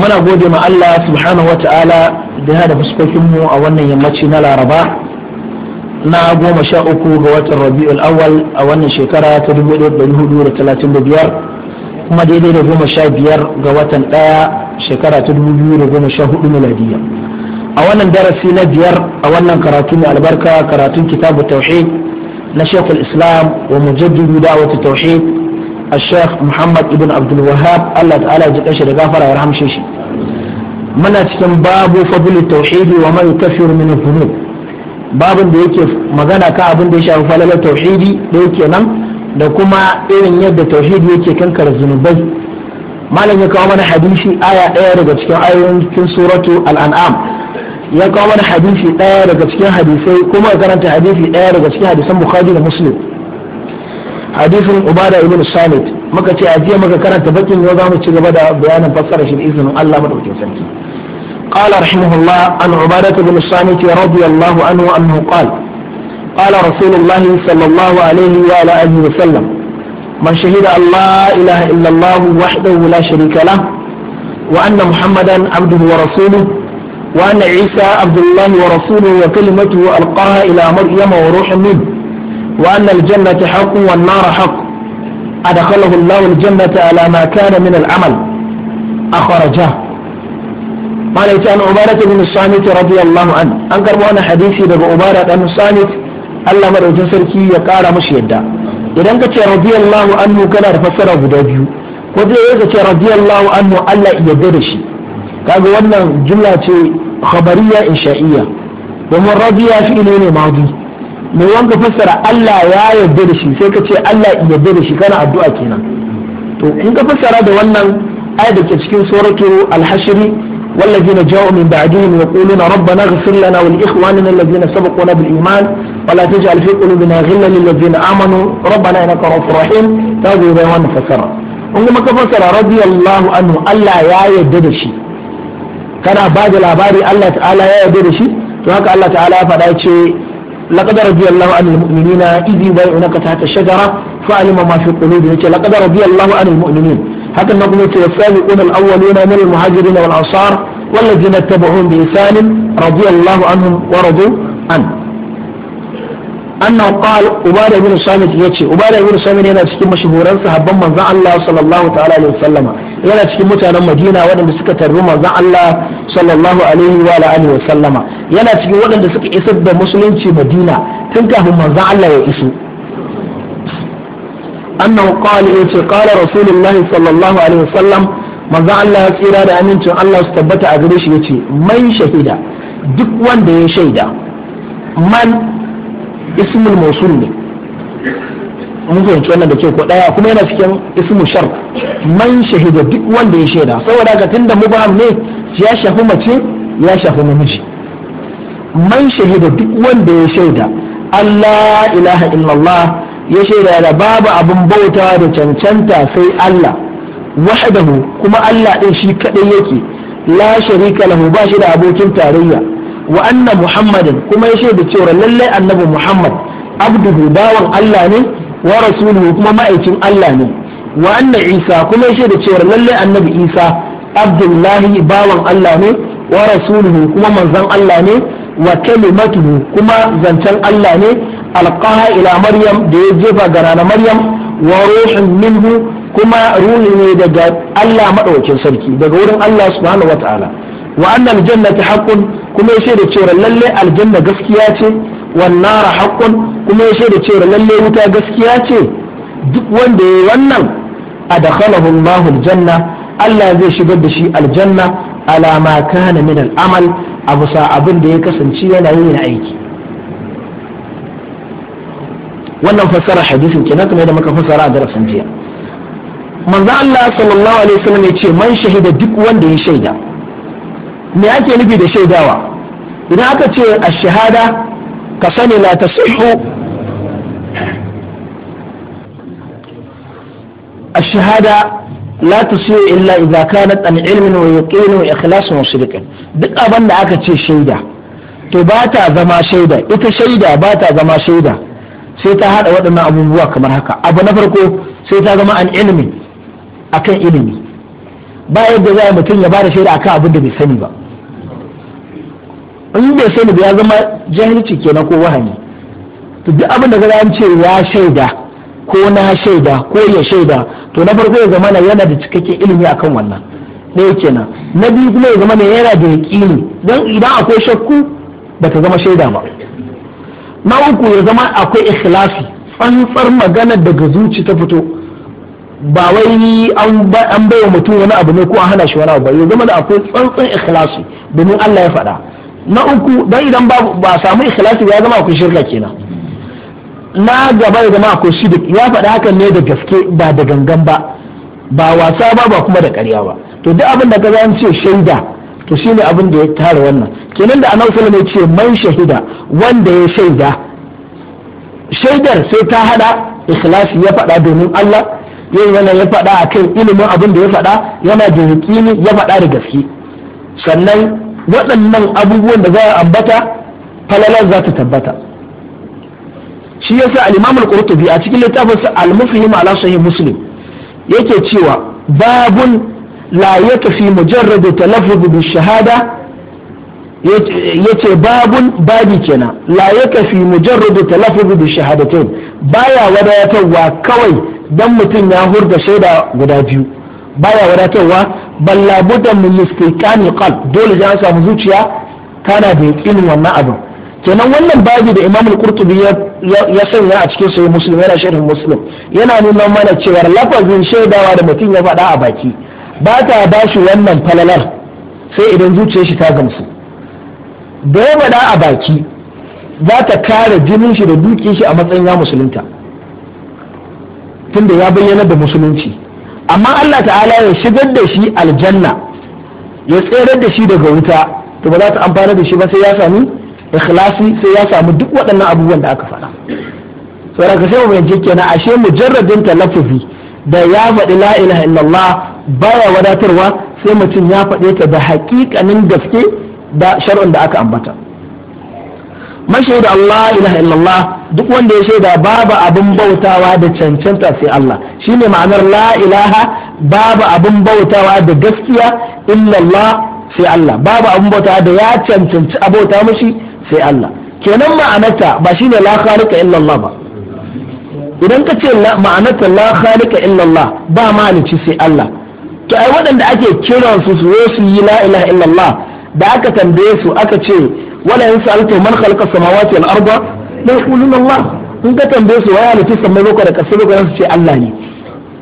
muna gode ma Allah subhanahu wata'ala da ya da fuskokinmu a wannan yammaci na laraba na goma sha uku ga watan rabi'ul awal a wannan shekara ta 1435 kuma daidai da goma sha biyar ga watan ɗaya shekara ta 2014 miladiya a wannan darasi na biyar a wannan karatu mai albarka karatun kitabu tauhid na shekul islam wa mujaddidu da'awatu tauhid الشيخ محمد ابن عبد الوهاب الله تعالى يجزاه da gafara ya rahamshe shi muna cikin babu fadlul tauhidi wa ma yukaffiru min adh-dhunub da yake magana kan abin da ya shafi falalar tauhidi da yake nan da kuma irin yadda tauhidi yake kankara zunubai malam ya kawo mana hadisi aya daya daga cikin ayoyin cikin al-an'am ya kawo mana hadisi daya daga cikin hadisai kuma karanta hadisi ɗaya daga cikin hadisan bukhari da muslim hadisin ubada ibn samit muka ce ajiya muka karanta bakin yau zamu ci gaba da bayanin fassara shi da izinin Allah madaukakin sarki قال رحمه الله عن عبادة بن الصامت رضي الله عنه أنه قال قال رسول الله صلى الله عليه وعلى آله وسلم من شهد أن لا إله إلا الله وحده لا شريك له وأن محمدا عبده ورسوله وأن عيسى عبد الله ورسوله وكلمته ألقاها إلى مريم وروح منه وأن الجنة حق والنار حق أدخله الله الجنة على ما كان من العمل أخرجه قال عن عبادة بن الصامت رضي الله عنه أنكر وانا حديثي دقى عبادة بن الصامت الله مرة جنسركي يقال مش يدى إذا كنت رضي الله عنه كان فسره بدابيو وده إذا رضي الله عنه ألا يدرشي قال وانا جملة خبرية إنشائية ومن رضي فيه ماضي mu wanka fassara Allah ya yarda da shi sai ka ce Allah ya yarda da shi kana addu'a kenan to in ka fassara da wannan ayat da ke cikin suratu al-hashr والذين جاءوا من بعدهم يقولون ربنا اغفر لنا ولإخواننا الذين سبقونا بالإيمان ولا تجعل في قلوبنا غلا للذين آمنوا ربنا إنك رؤوف رحيم هذه بيان فسرة عندما كفسر رضي الله عنه ألا يا يددشي كان بعد الأباري الله تعالى يا يددشي وهكذا الله تعالى فلا لقد رضي الله عن المؤمنين إذ يبايعونك تحت الشجرة فعلم ما في قلوبهم لقد رضي الله عن المؤمنين حتى نقول السابقون الأولون من المهاجرين والأنصار والذين اتبعوهم بإحسان رضي الله عنهم ورضوا عنه annan qal ubada bin samit yace ubada bin samit yana cikin mashahuran sahabban manzon Allah sallallahu cikin mutanen Madina waɗanda suka tarbi manzon Allah sallallahu yana cikin waɗanda suka isar da musulunci Madina tun kafin manzon Allah ya iso annan qal yace qala rasulullahi sallallahu alaihi wasallam manzon Allah ya tsira da amincin Allah su tabbata a gare shi yace man shahida duk wanda ya shaida man ismul mausul ne mun fahimci wannan da ke ko daya kuma yana cikin ismu shar man shahida duk wanda ya shaida saboda ga tunda mubham ne ya shafi mace ya shafi namiji man shahida duk wanda ya shaida Allah ilaha illallah ya shaida da babu abin bauta da cancanta sai Allah wahdahu kuma Allah din shi kadai yake la sharika lahu ba shi da abokin tarayya wa anna muhammadin kuma ya shaida cewa lallai annabi muhammad abduhu bawan allah ne wa rasuluhu kuma ma'aikin allah ne wa anna isa kuma ya shaida cewa lallai annabi isa abdullahi bawan allah ne wa rasuluhu kuma manzon allah ne wa kalimatuhu kuma zancen allah ne alqaha ila maryam da ya jefa ga rana maryam wa ruhun minhu kuma ruhi ne daga allah madaukakin sarki daga wurin allah subhanahu wataala wa annal jannati haqqun kuma ya shaida cewa lalle aljanna gaskiya ce wan nara kuma ya shaida cewa lalle wuta gaskiya ce duk wanda yayi wannan adkhalahu Allahu janna, Allah zai shigar da shi aljanna alama kana min al'amal a bisa abin da ya kasance yana yi aiki wannan fassara hadisin kenan kuma da muka fassara a darasin jiya manzo Allah sallallahu alaihi wasallam ya ce man shahida duk wanda ya shaida me ake nufi da shaidawa idan aka ce a shahada ka sani la ta illa لا تصير إلا إذا كانت عن علم ويقين وإخلاص وصدق duk abin da aka ce shaida to ba ta zama shaida ita shaida ba ta zama shaida sai ta haɗa waɗannan abubuwa kamar haka abu na farko sai ta zama an ilimi akan ilimi ba yadda za mutum ya ba da shaida akan abin da bai sani ba in bai sani ba ya zama jahilci kenan ko wahani to duk abin da ga an ce ya shaida ko na shaida ko ya shaida to na farko ya zama yana da cikakken ilimi akan wannan kenan na biyu kuma ya zama ne yana da yaƙini don idan akwai shakku ba ta zama shaida ba na uku ya zama akwai ikhlasi tsantsar magana daga zuci ta fito ba wai an bai wa mutum wani abu ne ko an hana shi wani abu ba ya zama da akwai tsantsan ikhlasi domin Allah ya faɗa na uku don idan ba samu ikhlasi ya zama akwai shirka kenan na gaba ya zama akwai shirka ya faɗi hakan ne da gaske ba da gangan ba ba wasa ba ba kuma da ƙarya ba to duk abin da ka zan ce shaida to shine abin da ya tara wannan kenan da anan sallallahu ce man shahida wanda ya shaida shaidar sai ta hada ikhlasi ya faɗa domin Allah yin yana ya faɗa akan ilimin abin da ya faɗa yana da yaqini ya faɗa da gaske sannan waɗannan abubuwan da za a ambata falalar za ta tabbata shi yasa sa imam qurtubi a cikin littafinsa al-mufhim ala sahih muslim yake cewa babun la yakfi mujarrad talaffuz bi shahada yace babun babi kenan la yakfi mujarrad talaffuz bi shahadatain baya wadatarwa kawai dan mutum ya hurda shaida guda biyu baya wadatarwa bal labuda min istiqan qalb dole ya samu zuciya tana da yaqinin wannan abin kenan wannan babi da imamul kurtubi ya sanya a cikin sahih Muslim yana sharhin Muslim yana nuna mana cewa lafazin shaidawa da mutum ya faɗa a baki ba ta ba shi wannan falalar sai idan zuciyar shi ta gamsu da ya faɗa a baki za ta kare jinin shi da dukiyar shi a matsayin ya musulunta tunda ya bayyana da musulunci amma Allah ta'ala ya shigar da shi aljanna ya tserar da shi daga wuta to ba za ta amfana da shi ba sai ya sami ikhlasi sai ya sami duk waɗannan abubuwan da aka faɗa saboda ka sai mu yanke kenan ashe mujarradin talaffufi da ya faɗi la ilaha illallah baya wadatarwa sai mutum ya faɗe ta da haƙiƙanin gaske da shar'un da aka ambata mashaida Allah ilaha illallah duk wanda ya shaida babu abin bautawa da cancanta sai Allah shine ma'anar la ilaha babu abin bautawa da gaskiya illallah sai Allah babu abin bautawa da ya cancanci abota mashi sai Allah kenan ma'anarta ba shine la khaliqa illallah ba idan ka ce ma'anarta la khaliqa illallah ba malici sai Allah to ai waɗanda ake kiransu su su yi la ilaha illallah da aka tambaye su aka ce wala in sa'alta man khalaqa samawati wal arda la yaquluna Allah in ka tambaye su waya lati sammai bako da kasai bako su ce Allah ne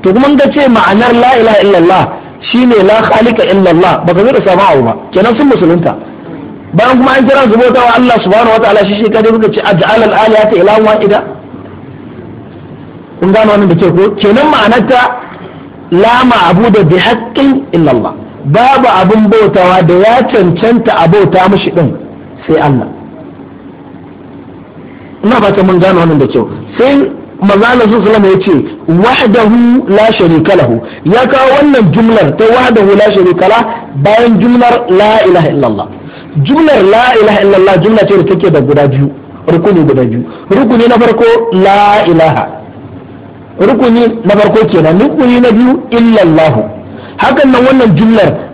to kuma ga ce ma'anar la ilaha illallah shine la khaliqa illallah baka zai da sama'u ba kenan sun musulunta bayan kuma an kira su bautawa Allah subhanahu wa ta'ala shi shi kadai kuka ce aj'al al alihata ilahan wahida kun gano wannan da ke ko kenan ma'anarta la ma'budu bi haqqin illallah babu abun bautawa da ya cancanta a bauta mashi din sai Allah ina ba ta mun gano wannan da kyau sai manzo Allah sallallahu ya ce wahdahu la sharika lahu ya kawo wannan jumlar ta wahdahu la sharika la bayan jumlar la ilaha illallah jumlar la ilaha illallah jumla ce da take da guda biyu rukuni guda biyu rukuni na farko la ilaha rukuni na farko kenan rukuni na biyu illallah hakan nan wannan jumlar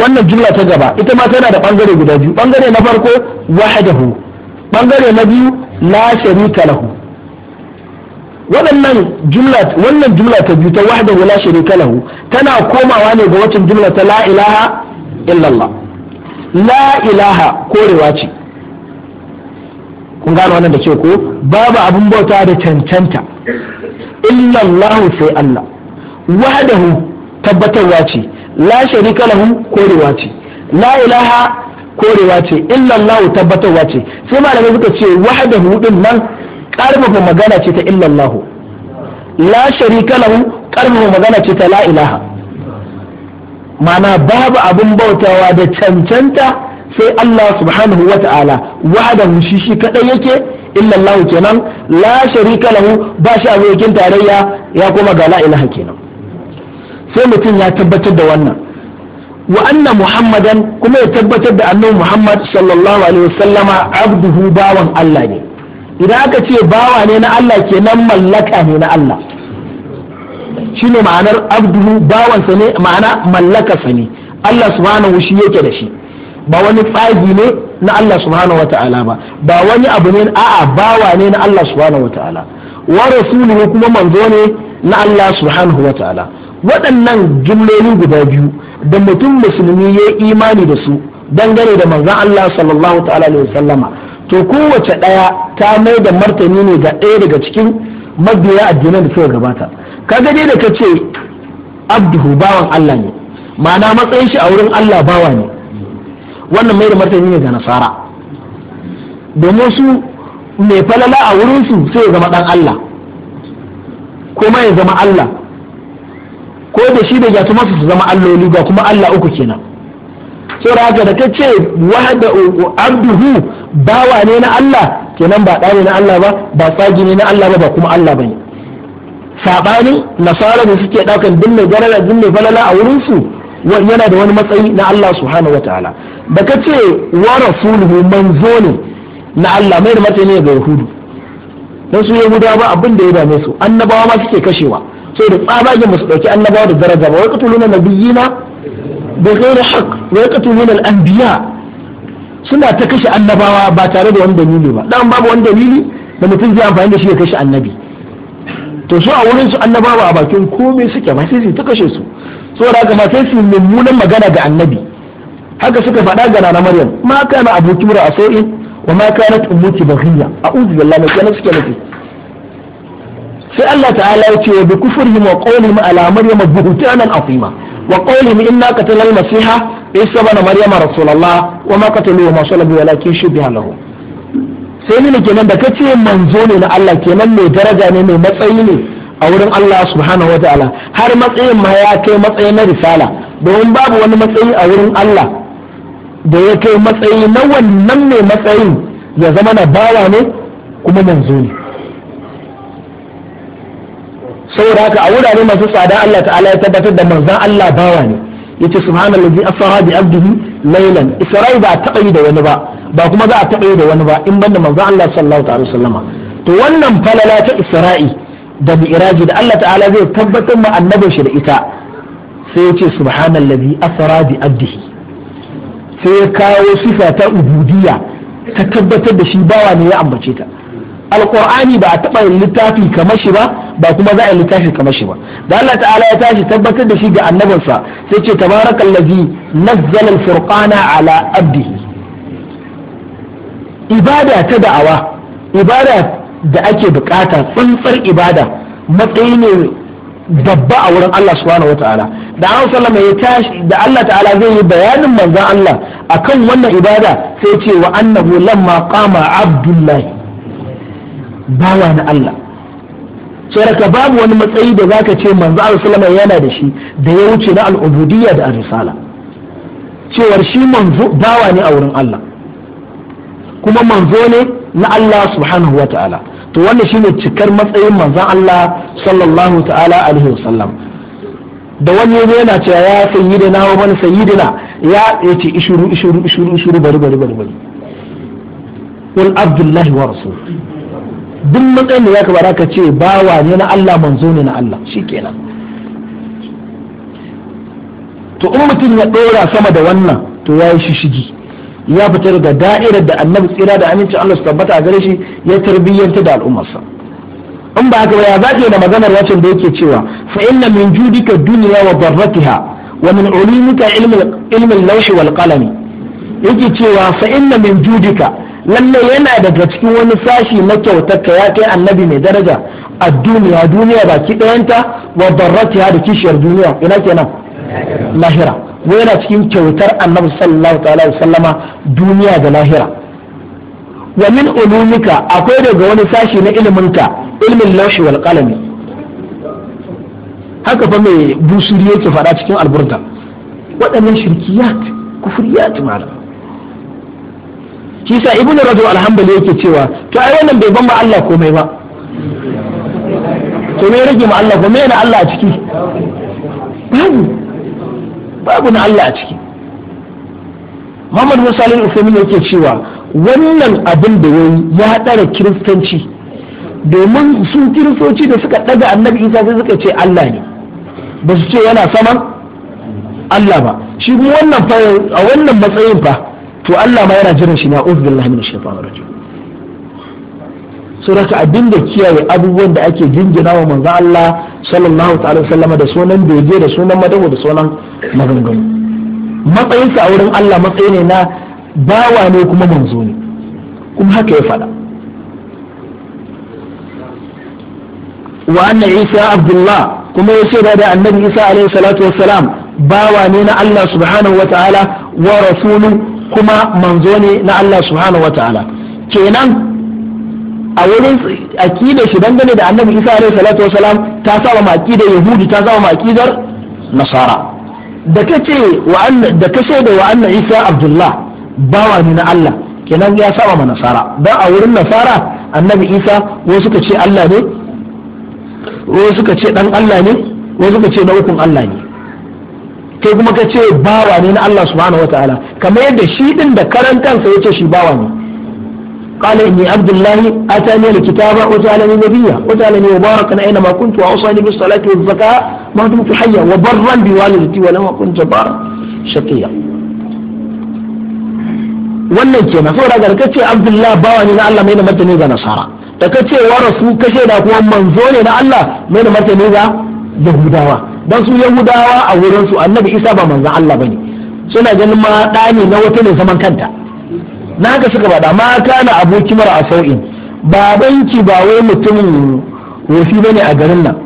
wannan jumla ta gaba ita ma tana da bangare guda biyu bangare na farko wahdahu bangare na biyu la sharika lahu wannan jumla wannan jumla ta biyu ta wahdahu la sharika lahu tana komawa ne ga wacin jumla ta la ilaha illallah la ilaha korewa ce kun gano wannan da ke ko babu abin bauta da cancanta illallahu sai Allah wahdahu tabbatarwa ce la sharika lahu korewa ce la ilaha korewa ce Allah tabbatarwa ce sai malamai suka ce wahdahu din nan karfafa magana ce ta Allah la sharika lahu karfafa magana ce ta la ilaha mana babu abin bautawa da cancanta sai Allah subhanahu wa ta'ala wahdahu shi shi kadai yake Allah kenan la sharika lahu ba shi abokin tarayya ya kuma ga la ilaha kenan sai mutum ya tabbatar da wannan wa anna muhammadan kuma ya tabbatar da annabi muhammad sallallahu alaihi wasallama abduhu bawan Allah ne idan aka ce bawa ne na Allah kenan mallaka ne na Allah shine ma'anar abduhu bawansa ne ma'ana mallakarsa ne Allah subhanahu shi yake da shi ba wani tsagi ne na Allah subhanahu wata'ala ba ba wani abu ne a'a bawa ne na Allah subhanahu wata'ala wa rasuluhu kuma manzo ne na Allah subhanahu wata'ala waɗannan jumloli guda biyu da mutum musulmi ya imani da su dangane da manzon Allah sallallahu ta'ala alaihi sallama to kowace ɗaya ta mai da martani ne ga ɗaya daga cikin mabiya addinan da suka gabata Ka dai da ka ce abduhu bawan Allah ne ma'ana matsayin shi a wurin Allah bawa ne wannan mai da martani ne ga nasara domin su mai falala a wurin su sai ya zama dan Allah kuma ya zama Allah ko da shi da masu su zama alloli ga kuma Allah uku kenan saboda haka da ta ce wahada abduhu bawa ne na Allah kenan ba ɗa ne na Allah ba ba tsagi ne na Allah ba ba kuma Allah bane sabani nasara da suke ɗaukan duk mai garara duk mai falala a wurin su yana da wani matsayi na Allah subhanahu wataala da ka ce wa rasuluhu manzo ne na Allah mai da matsayi ne ga yahudu dan su yahudawa ba abin da ya dame su annabawa ma suke kashewa sai da tsabagen ba su ɗauki annabawa da daraja ba wai katuluna nabiyina da ghairi haq wai katuluna al-anbiya suna ta kashe annabawa ba tare da wani dalili ba dan babu wani dalili da mutum zai amfani da shi ya kashe annabi to su a wurin su annabawa a bakin komai suke ba sai su ta kashe su saboda haka ma sai su mummunan magana ga annabi haka suka faɗa ga nana maryam ma kana abokin mura a sau'in wa ma kanat ummuki baghiya a'udhu billahi min shaitanir rajim sai Allah ta'ala ya ce wa bi kufrihim wa qawlihim ala maryama buhtanan azima wa qawlihim inna qatalna al-masiha isa ibn maryama rasulullah wa ma qataluhu ma salabu walakin shubiha lahu sai ne kenan da kace manzo ne na Allah kenan mai daraja ne mai matsayi ne a wurin Allah subhanahu wa ta'ala har matsayin ma ya kai matsayi na risala domin babu wani matsayi a wurin Allah da ya kai matsayi na wannan mai matsayin ya zama na bawa ne kuma manzo ne saboda haka a wurare masu tsada Allah ta'ala ya tabbatar da manzan Allah bawa ne yace subhanallazi asra bi abdihi laylan isra'i ba taba yi da wani ba ba kuma za a taba yi da wani ba in banda manzan Allah sallallahu alaihi wasallama to wannan falala ta isra'i da mi'raji da Allah ta'ala zai tabbatar ma annabin shi da ita sai yace subhanallazi asra bi abdihi sai ya kawo sifa ta ubudiyya ta tabbatar da shi bawa ne ya ambace ta Alƙur'ani ba a taba littafi kamar shi ba ba kuma za a yi littafi kamar shi ba da Allah ta'ala ya tashi tabbatar da shi ga annabinsa sai ce tabarakallazi nazzala alfurqana ala abdihi ibada ta da'awa ibada da ake bukata tsantsar ibada matsayi ne babba a wurin Allah subhanahu wataala da an sallama ya tashi da Allah ta'ala zai yi bayanin manzon Allah akan wannan ibada sai ce wa annahu lamma qama abdullahi bawa na Allah saboda babu wani matsayi da zaka ce manzo Allah yana da shi da ya wuce na al'ubudiyya da ar cewar shi manzo bawa ne a wurin Allah kuma manzo ne na Allah subhanahu wa ta'ala to wannan shine cikar matsayin manzon Allah sallallahu ta'ala alaihi wasallam da wani yazo yana cewa ya sayyidina wa man sayyidina ya yace ishuru ishuru ishuru ishuru bari bari bari bari qul abdullahi wa rasul duk matsayin da zaka bara ka ce bawa ne na Allah manzo ne na Allah kenan. to in mutum ya ɗora sama da wannan to ya yi shishigi ya fita daga da'irar da annabi tsira da amincin Allah su tabbata a gare shi ya tarbiyyanta da al'ummarsa in ba haka ba ya zaƙi da maganar wacin da yake cewa fa inna min judika duniya wa darratiha wa min ulumika ilmin laushi wal qalami yake cewa fa inna min judika lalle yana daga cikin wani sashi na kyautarka ya kai annabi mai daraja a duniya duniya ki ɗayanta wa darratiha da kishiyar duniya ina kenan lahira wai yana cikin kyautar annabi sallallahu ta'ala wa sallama duniya da lahira wa min ulumika akwai daga wani sashi na ilminka ilmin laushi wal qalami haka fa mai busuri yake faɗa cikin alburda waɗannan shirkiyat kufriyat malam shi sa ibnu rajab alhamdulillah yake cewa to ai wannan bai ban ma Allah komai ba to me rage ma Allah komai na Allah a ciki babu babu na Allah a ciki Muhammad Musa al-Uthaymeen yake cewa wannan abin da ya ya tsara kiristanci domin su kiristoci da suka daga annabi Isa sai suka ce Allah ne ba su ce yana saman Allah ba shi kuma wannan a wannan matsayin fa to Allah ma yana jiran shi na uzbillahi min shaitanir rajim suraka abinda kiyaye abubuwan da ake jingina wa manzo Allah sallallahu ta'ala sallama da sunan bege da sunan madawo da sunan matsayin matsayinsa a wurin Allah matsayi ne na bawa ne kuma manzo ne kuma haka ya faɗa wa anna isa abdullah kuma ya ce da annabi isa alaihi salatu wassalam bawa ne na Allah subhanahu wa ta'ala wa rasulun kuma manzo ne na Allah subhanahu ta'ala. kenan a wurin akidar shi dangane da annabi isa alaihi salatu wa salam ta saba ma akidar yahudi ta saba ma akidar nasara da kace wa da kace da wa anna isa abdullah bawa ne na Allah kenan ya saba ma nasara dan a wurin nasara annabi isa wasu suka ce Allah ne wasu suka ce dan Allah ne wasu suka ce na ukun Allah ne kai kuma ka ce bawa ne na Allah subhanahu wataala kamar yadda shi din da karan kansa yace shi bawa ne قال إني عبد الله أتاني الكتاب وجعلني نبيا وجعلني مباركا أينما كنت وأوصاني بالصلاة والزكاة ما دمت حيا وبرا بوالدتي ولم أكن جبارا شقيا wannan kenan saboda daga kace Abdullah bawa ne na Allah mai da martani ga Nasara da kace wa rasu kashe da kuma manzo ne na Allah mai da martani ga Yahudawa dan su yahudawa a wurin su annabi isa ba manzon Allah bane suna ganin ma ne na wata ne zaman kanta na haka suka bada ma kana aboki mara a sau'in babanki ba wai mutumin wofi bane a garin nan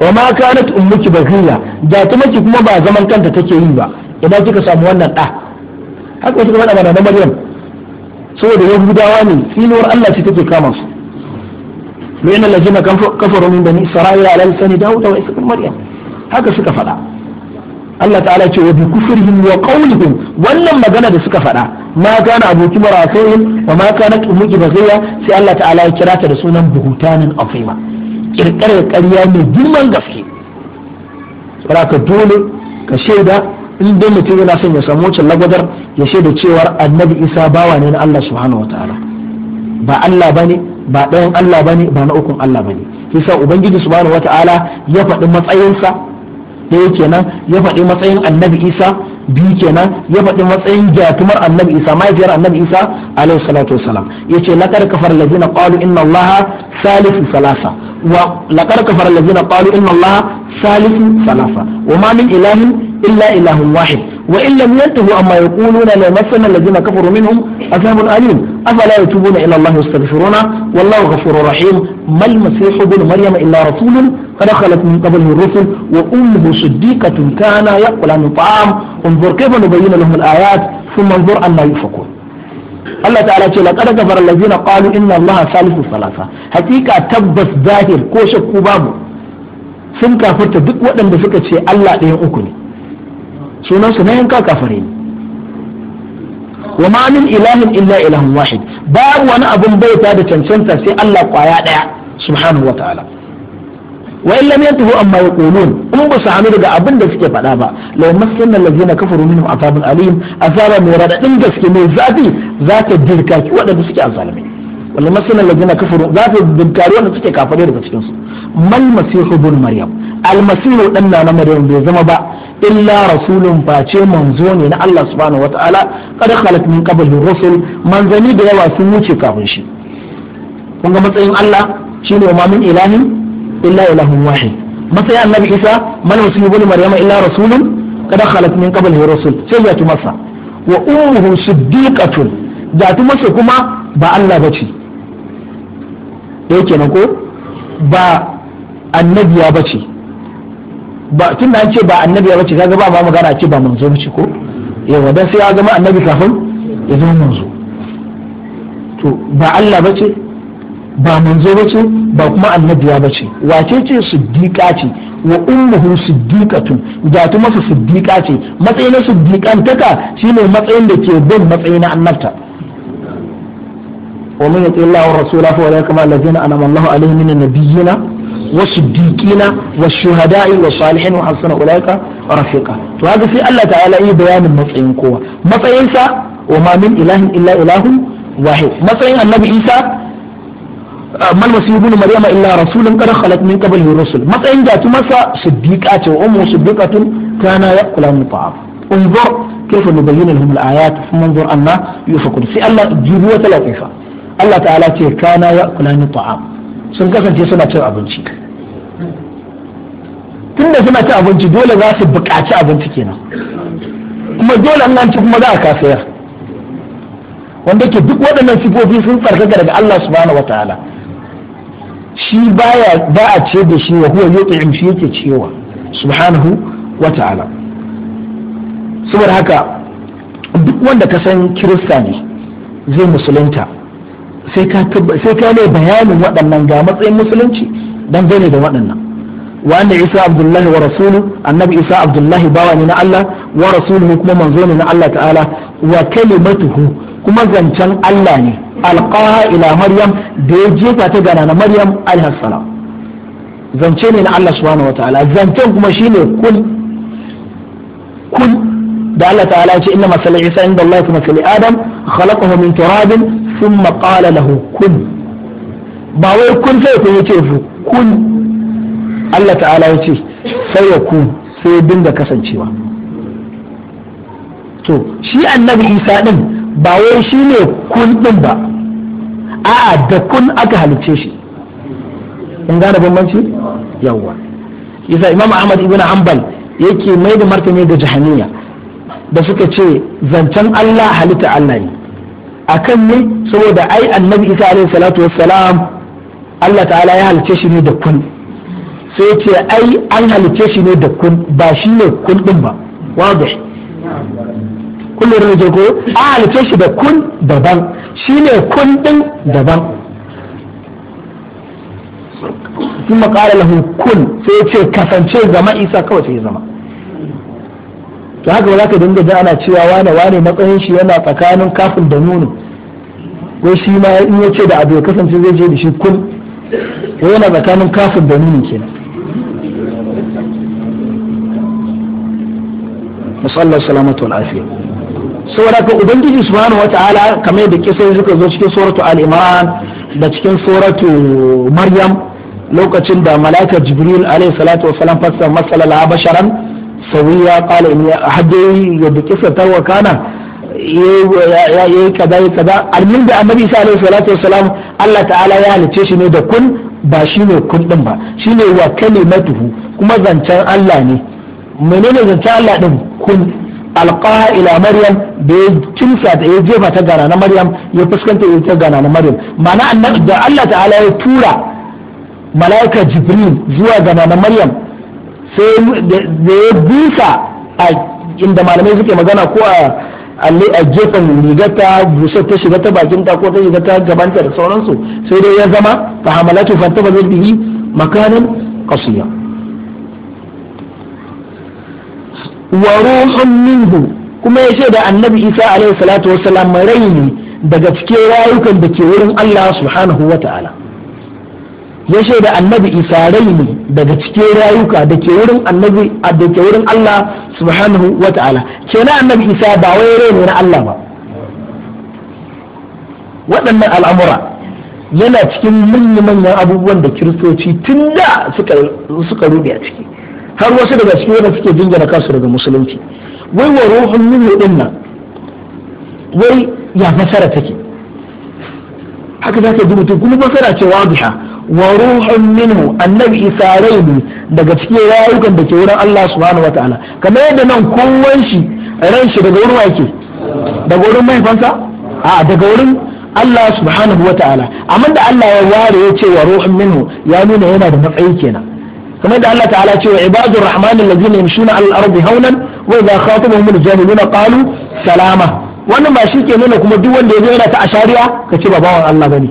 wa ma kanat ummuki bakiya da ki kuma ba zaman kanta take yi ba idan kika samu wannan ɗa haka wata kuma da maryam saboda yahudawa ne tsinuwar Allah ce take kama su لأن الذين كفروا من بني إسرائيل على لسان داود وعيسى مريم haka suka faɗa Allah ta'ala ce wa bi kufrihim wa qawlihim wannan magana da suka faɗa ma kana aboki marasayin wa ma kana tumuki baziya sai Allah ta'ala ya kira ta da sunan buhutanin afima kirkirar ƙarya mai girman gaske saboda dole ka shaida in dai mutum yana son ya samu wancan lagwadar ya shaida cewar annabi isa bawa ne na Allah subhanahu wa ta'ala ba Allah bane ba ɗayan Allah bane ba na ukun Allah bane yasa ubangiji subhanahu wa ta'ala ya faɗi matsayinsa ɗaya kenan ya faɗi matsayin annabi isa biyu kenan ya faɗi matsayin jatumar annabi isa mahaifiyar annabi isa alaihi salatu wasalam ya ce laƙar kafar lazina ƙwalu inna allah salisu salasa wa laƙar kafar lazina ƙwalu inna allah salisu salasa wa ma min ilahin illa ilahun wahid wa in lam yantahu amma yaquluna la massana allazina kafaru minhum azabun alim afala yatubuna ila allah yastaghfiruna wallahu ghafurur rahim ما المسيح ابن مريم إلا رسول قد خلت من قبله الرسل وأمه صديقة كان يأكل من الطعام انظر كيف نبين لهم الآيات ثم انظر أن يؤفكون الله تعالى يقول لقد كفر الذين قالوا إن الله ثالث ثلاثة حقيقة تبس ظاهر كو شك بابو sun kafirta duk waɗanda suka ce Allah ɗayan uku ne كافرين wa ma min ilahin illa ilahun wahid babu wani abun bauta da cancanta sai Allah kwaya ɗaya subhanahu wa ta'ala wa in lam yantahu amma yaqulun in ba su hannu daga abin da suke faɗa ba law masanna allazina kafaru minhum azabun alim azaba mai radadin gaske mai zafi za ta dirkaki waɗanda suke azalmai wal masanna allazina kafaru za ta dirkari suke kafare daga cikin su mal masihu maryam al masihu dan na maryam bai zama ba illa rasulun face manzo ne na Allah subhanahu wataala qad khalat min qablu rusul manzani da yawa sun wuce kafin shi kun ga matsayin Allah shine wa min ilahin illa ilahun wahid Matsayi annabi Isa man wasu ibn maryama illa rasulun qad khalat min qablu rusul sai ya tumasa wa ummuhu siddiqatun da tumasa kuma ba Allah bace yake kenan ko ba annabiya bace ba tun da an ce ba annabi ya bace kaga ba ma magana ce ba manzo bace ko yawa dan sai ya zama annabi kafin ya zama manzo to ba Allah bace ba manzo bace ba kuma annabiya bace wace ce siddiqa ce wa ummuhu siddiqatun da ta masa siddiqa ce matsayin taka shine matsayin da ke bin matsayin annabta ومن يطع الله ورسوله فاولئك مع الذين انعم الله عليهم من النبيين والصديقين والشهداء والصالحين وحسن أولئك رفيقا وهذا في الله تعالى أي بيان مطعين قوة مطعين وما من إله إلا إله واحد مطعين النبي عيسى آه، ما المسيح ابن مريم إلا رسول قد خلت من قبل الرسل مطعين ذات مسا صديقات وام صديقة كان يأكلان الطعام انظر كيف نبين لهم الآيات ثم انظر أن يفكر في الله جيبوة لطيفة الله تعالى كان يأكلان الطعام sun kasance suna cin abinci tun da suna ci abinci dole za su buƙaci abinci kenan kuma dole an ci kuma za a kasayar wanda ke duk waɗannan sifofi sun tsarkaka daga Allah subhanahu ta'ala shi baya ba a ce da shi wa huwa in shi yake cewa subhanahu ta'ala saboda haka duk wanda ka san kirista ne zai musulunta sai ka ne bayanin waɗannan ga matsayin musulunci dangane da waɗannan wa anna isa abdullahi wa rasulu annabi isa abdullahi bawa ne na Allah wa rasuluhu kuma manzo ne na Allah ta'ala wa kalimatuhu kuma zancen Allah ne alqaha ila maryam da ya jefa ta gana na maryam alaihi zance ne na Allah subhanahu wa ta'ala zancen kuma shine kul kul da Allah ta'ala ya ce inna masal isa inda Allah kuma sali adam khalaqahu min turabin ba wai kun yace ku kun Allah ta'ala ya ce sai ya ku sai dinga kasancewa to shi annabi isa din ba wai shi ne kun din ba a'a da kun aka halicce shi in gane bambanci yawwa isa imam ahmad ibn hanbal yake mai da martani da jahaniya da suka ce zancen Allah halitta Allah ne akan ne saboda ai annabi isa alaihi salatu wassalam Allah ta'ala ya halice shi ne da kun sai ce ai an halice shi ne da kun ba shi ne kun din ba wanda kullum da ko an halice shi da kun daban shi ne kun din daban sun makara lahun kun sai ce kasance zama isa kawai sai zama to haka ba za ka dinga da ana cewa wane wane matsayin shi yana tsakanin kafin da nuni, ko shi ma in ya ce da abu ya kasance zai je da shi kun ko yana tsakanin kafin da nuni kenan musallar salamatu wal afiya saboda ka ubangiji subhanahu wataala kamar da kisa suka zo cikin suratu al-imran da cikin suratu maryam lokacin da malaka jibril alaihi salatu wa salam fassara masala basharan sawiya qala inni ahadi yadda kisa tawakana yayi Kada, yayi kaza almin da annabi isa alaihi salatu wa salam Allah ta'ala ya halice shi ne da kun ba shi ne kun din ba shine wa kalimatuhu kuma zancen Allah ne menene zancen Allah din kun alqa ila maryam da ya kimsa da ya jefa ta gana na maryam ya fuskanta ya ta gana na maryam ma'ana da Allah ta'ala ya tura malaika jibril zuwa gana na maryam sai da ya busa a inda malamai suke magana ko a alle a jefan rigata busar ta shiga ta bakinta ko ta shiga ta gabanta da sauransu sai dai ya zama fa hamalatu fanta bihi makanan qasiya wa ruhun minhu kuma ya ce da annabi isa alaihi salatu wassalam rai ne daga cikin rayukan da ke wurin allah subhanahu wa ta'ala ya ce da annabi isa rai ne daga cikin rayuka da ke wurin annabi da ke wurin allah subhanahu wa ta'ala na annabi isa ba wai rai ne na allah ba waɗannan al'amura yana cikin manyan abubuwan da kiristoci tun da suka rubi a ciki har wasu daga cikin wanda suke jingina kansu daga musulunci wai wa ruhun minhu din nan wai ya fasara take haka za ka ji mutum kuma fasara ce wadiha wa ruhun minhu annabi isa rai daga cikin rayukan da ke wurin Allah subhanahu wataala kamar yadda nan kowan shi ran shi daga wurin wake daga wurin mahaifansa a daga wurin Allah subhanahu wataala amma da Allah ya ware ya ce wa ruhun minhu ya nuna yana da matsayi kenan kamar da Allah ta'ala cewa ibadur rahmanin lazina yamshuna al ardi haunan wa idha ta al jahiluna qalu salama wannan ba shi ke nuna kuma duk wanda yazo yana ta shariya ka ce ba bawan Allah bane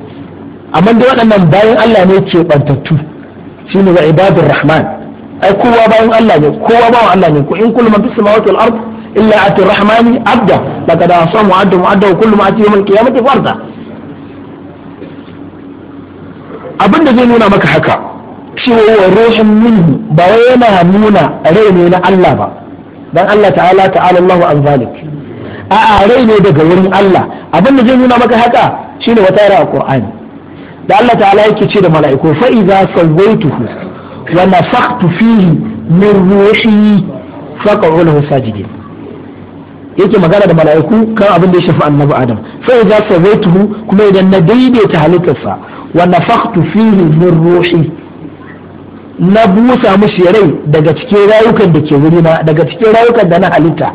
amma da waɗannan bayan Allah ne ke bantattu shine ne kowa bawan Allah ne ko in kullu man fis samawati wal illa atir rahmani abda laqad farda abin da zai nuna maka haka cewa wa ruhin minhu ba wai yana nuna rai ne na Allah ba dan Allah ta'ala ta'ala Allahu an zalik a'a rai ne daga wurin Allah abin da zai nuna maka haka shine wata ra Qur'ani da Allah ta'ala yake ce da mala'iku fa idza sawaituhu wa nafakhtu fihi min ruhi faq'u lahu sajidin yake magana da mala'iku kan abin da ya shafi annabi Adam fa idza sawaituhu kuma idan na daidaita halittarsa wa nafakhtu fihi min ruhi na busa mushi rai daga cikin rayukan da ke wuri na daga cikin rayukan da na halitta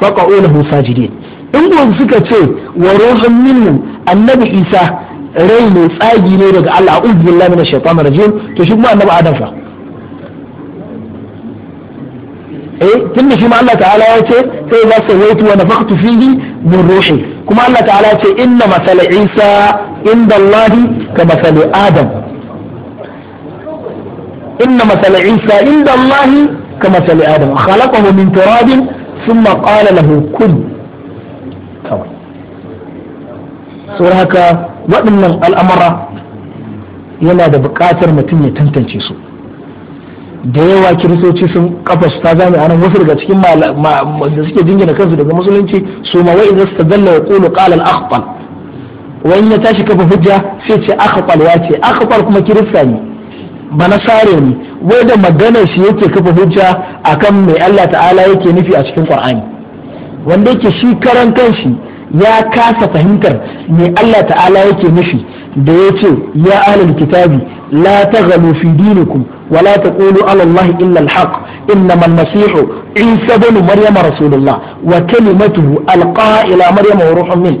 faqa'ulahu sajidin in gon suka ce wa ruhun minhu annabi isa rai ne tsagi ne daga Allah a a'udhu billahi minash shaitanir rajim to shi kuma annabi adam fa eh tunda shi ma Allah ta'ala ya ce sai za su waitu wa nafakhtu fihi min ruhi kuma Allah ta'ala ya ce inna masala isa inda Allah ka masali adam inna masala isa inda allahi ka masala adam khalaqahu min turabin thumma qala lahu kun kawai haka waɗannan al'amara yana da buƙatar mutum ya tantance su da yawa kiristoci sun kafa su ta zame anan wasu daga cikin da suke jingina kansu daga musulunci su ma wai idan su dalla ya kulu akhbal wani ya tashi kafa hujja sai ce akhbal ya ce akhbal kuma kirista ne ba ne wai da maganar shi yake kafa hujja akan mai Allah ta'ala yake nufi a cikin Qur'ani wanda yake shi karan kanshi ya kasa fahimtar me Allah ta'ala yake nufi da ya ce ya ahlul kitabi la taghalu fi dinikum wa la taqulu ala Allah illa al-haq innama al-masih Isa ibn Maryam rasulullah wa kalimatuhu alqa ila Maryam wa ruhun min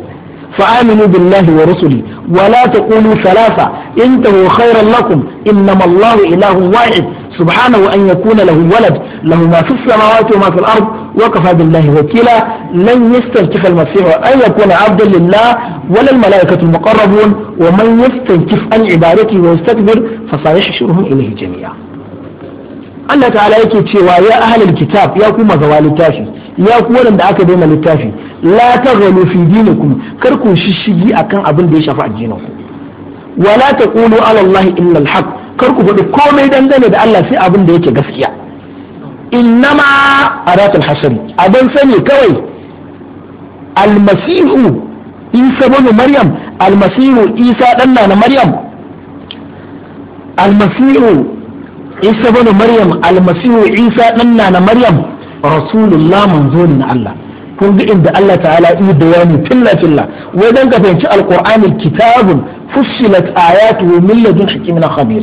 فآمنوا بالله ورسله ولا تقولوا ثلاثة انتهوا خيرا لكم إنما الله إله واحد سبحانه أن يكون له ولد له ما في السماوات وما في الأرض وكفى بالله وكيلا لن يستنكف المسيح أن يكون عبدا لله ولا الملائكة المقربون ومن يستنكف عن عبادته ويستكبر فسيحشرهم إليه جميعا Allah ta'ala yake cewa ya ahlul kitab ya kuma zawali tashi ya ku wadanda aka daina littafi la taghalu fi ku. kar ku shishigi akan abin da ya shafi addinin ku wala taqulu ala allahi illa alhaq kar ku faɗi komai dangane da Allah sai abin da yake gaskiya innama aratul hasan abin sani kawai almasihu isa bin maryam almasihu isa danna na maryam almasihu isa maryam almasihu isa danna na maryam rasulullah manzo ne na Allah kun ga inda Allah ta'ala yi bayani filla filla wai dan ka fahimci alqur'ani kitabun fussilat ayatuhu min ladun hakimin khabir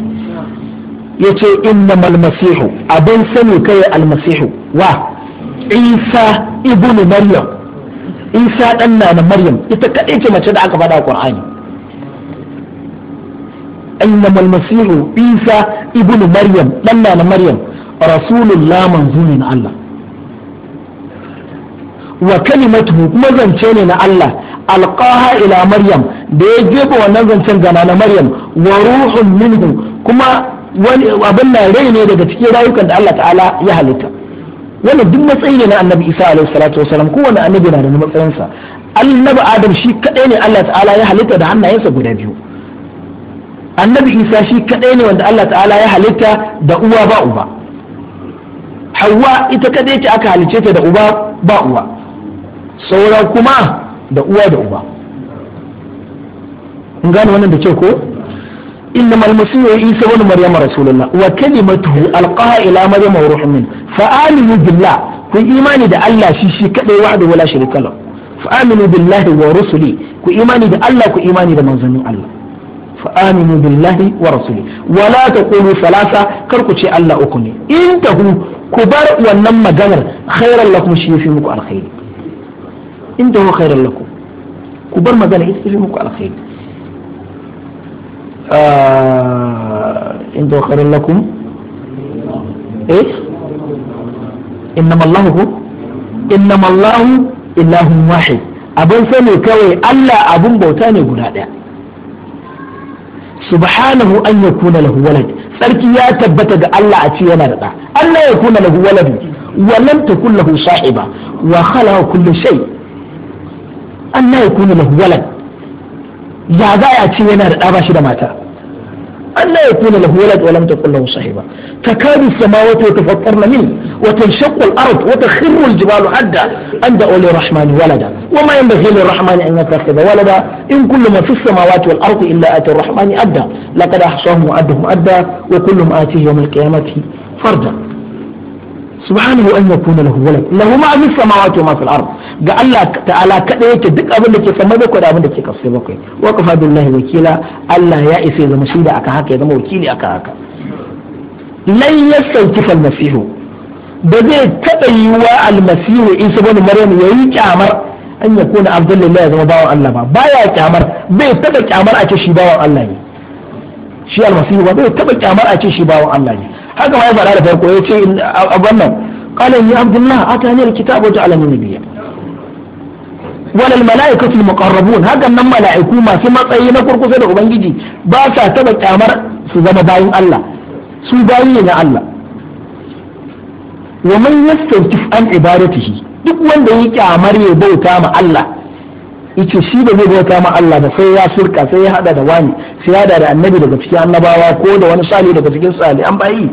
yace innamal masihu abin sani kai almasihu wa isa ibnu maryam isa dan na maryam ita kadai ce mace da aka faɗa qur'ani innamal masihu isa ibnu maryam dan na maryam rasulullah manzo ne na Allah wa kalimatuhu kuma zance ne na Allah alqaha ila maryam da ya jefa wannan zancen gana na maryam wa ruhun minhu kuma wani abin na rai ne daga cikin rayukan da Allah ta'ala ya halitta wannan duk matsayi ne na annabi isa alaihi salatu wasalam kowane annabi na da matsayinsa annabi adam shi kadai ne Allah ta'ala ya halitta da hannayensa guda biyu annabi isa shi kadai ne wanda Allah ta'ala ya halitta da uwa ba uba hawa ita kadai ce aka halice ta da uba ba uwa saura kuma da uwa da uba in gane wannan da kyau ko inna mal masihu isa ibn maryam rasulullah wa kalimatuhu alqaha ila maryam wa ruhun min fa aminu billah ku imani da Allah shi shi kadai wa'ada wala sharika lahu fa aminu billahi wa rusuli ku imani da Allah ku imani da manzannin Allah fa aminu billahi wa rasuli wala taqulu salasa kar ku ce Allah uku ne in tahu ku bar wannan maganar khairan lakum shi yafi muku alkhairi inda huwa khairan lakum ku bar magana ita ce muku alkhairi ah, inda huwa khairan lakum eh innama Allah ku innama Allah ilahun wahid abin sani kawai Allah abun bauta ne guda daya subhanahu an kuna lahu walad sarki ya tabbata ga Allah a ce yana da da Allah ya kuna lahu walad wa lam takul lahu sahiba wa khalaqa kulli shay' an na yakunu lahu walad ya za a ce yana da ɗaba shi da mata an na yakunu lahu walad wa lam takul lahu sahiba takadu samawati yatafattarna min wa wata al-ard wa takhirru al-jibalu hadda an da'u rahmani walada wa ma yanbaghi rahmani an yattakhidha walada in kullu ma fis samawati wal ardi illa ati rahmani adda laqad ahsahum wa addahum adda wa kulluhum atihi yawm al-qiyamati farda subhanahu an yakuna lahu walad lahu ma fi samawati wa ma fil ard ga Allah ta'ala kada yake duk abin da ke sama bakwai da abin da ke kasai bakwai wa kafa billahi wakila Allah ya isa ya zama shida aka haka ya zama wakili aka haka lan yastawtifa al-masihu ba zai taɓa yiwa almasihu isa bani maryam yayi kyamar an yakuna abdullahi ya zama bawan Allah ba baya kyamar bai taɓa kyamar a ce shi bawan Allah ne shi Masihu ba bai taɓa kyamar a ce shi bawan Allah ne haka ma ya faɗa da farko ya ce a wannan qala ya abdullah atani alkitab wa ja'alani nabiyya walal mala'ikatul muqarrabun hakan nan mala'iku masu matsayi na kurkusa da ubangiji ba sa taba kyamar su zama bayin Allah su bayi ne Allah wa man yastawtif an ibadatihi duk wanda ya kyamar ya bauta ma Allah yace shi ba zai bauta ma Allah ba sai ya surka sai ya hada da wani sai ya hada da annabi daga cikin annabawa ko da wani sali daga cikin sali an bayi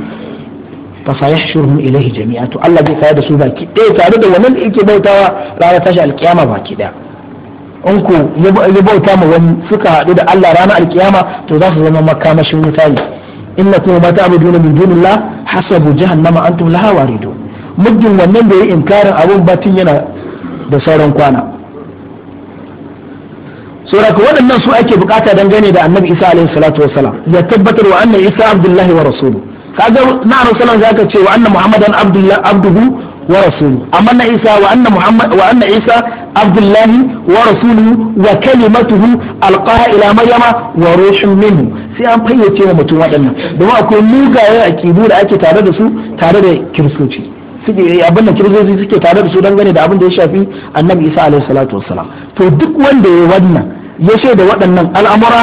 fa sayahshuruhum ilaihi jami'a to Allah zai kayar da su baki ɗaya tare da wannan yake bautawa ranar tashi alkiyama baki ɗaya in ku ya bauta ma wani suka haɗu da Allah ranar alkiyama to za su zama makamashin wuta ne inna kuma ma ta'buduna min dunillah hasabu jahannama antum laha waridun muddin wannan da ya inkarin abun batin yana da sauran kwana saboda waɗannan su ake bukata dangane da annabi isa alaihi salatu wasalam ya tabbatar wa anna isa abdullahi wa rasulu kaga na rasulun ka ce wa anna muhammadan abdullahi abduhu wa rasulu amma na isa wa anna muhammad wa anna isa abdullahi wa rasuluhu wa kalimatuhu alqaha ila maryama wa ruhun minhu sai an fayyace wa mutum waɗannan domin akwai mugayen aqidu da ake tare da su tare da kiristoci suke abin da kirzozi suke tare da su dangane da abin da ya shafi annabi isa alaihi salatu wassalam to duk wanda ya wannan ya shaida waɗannan al'amura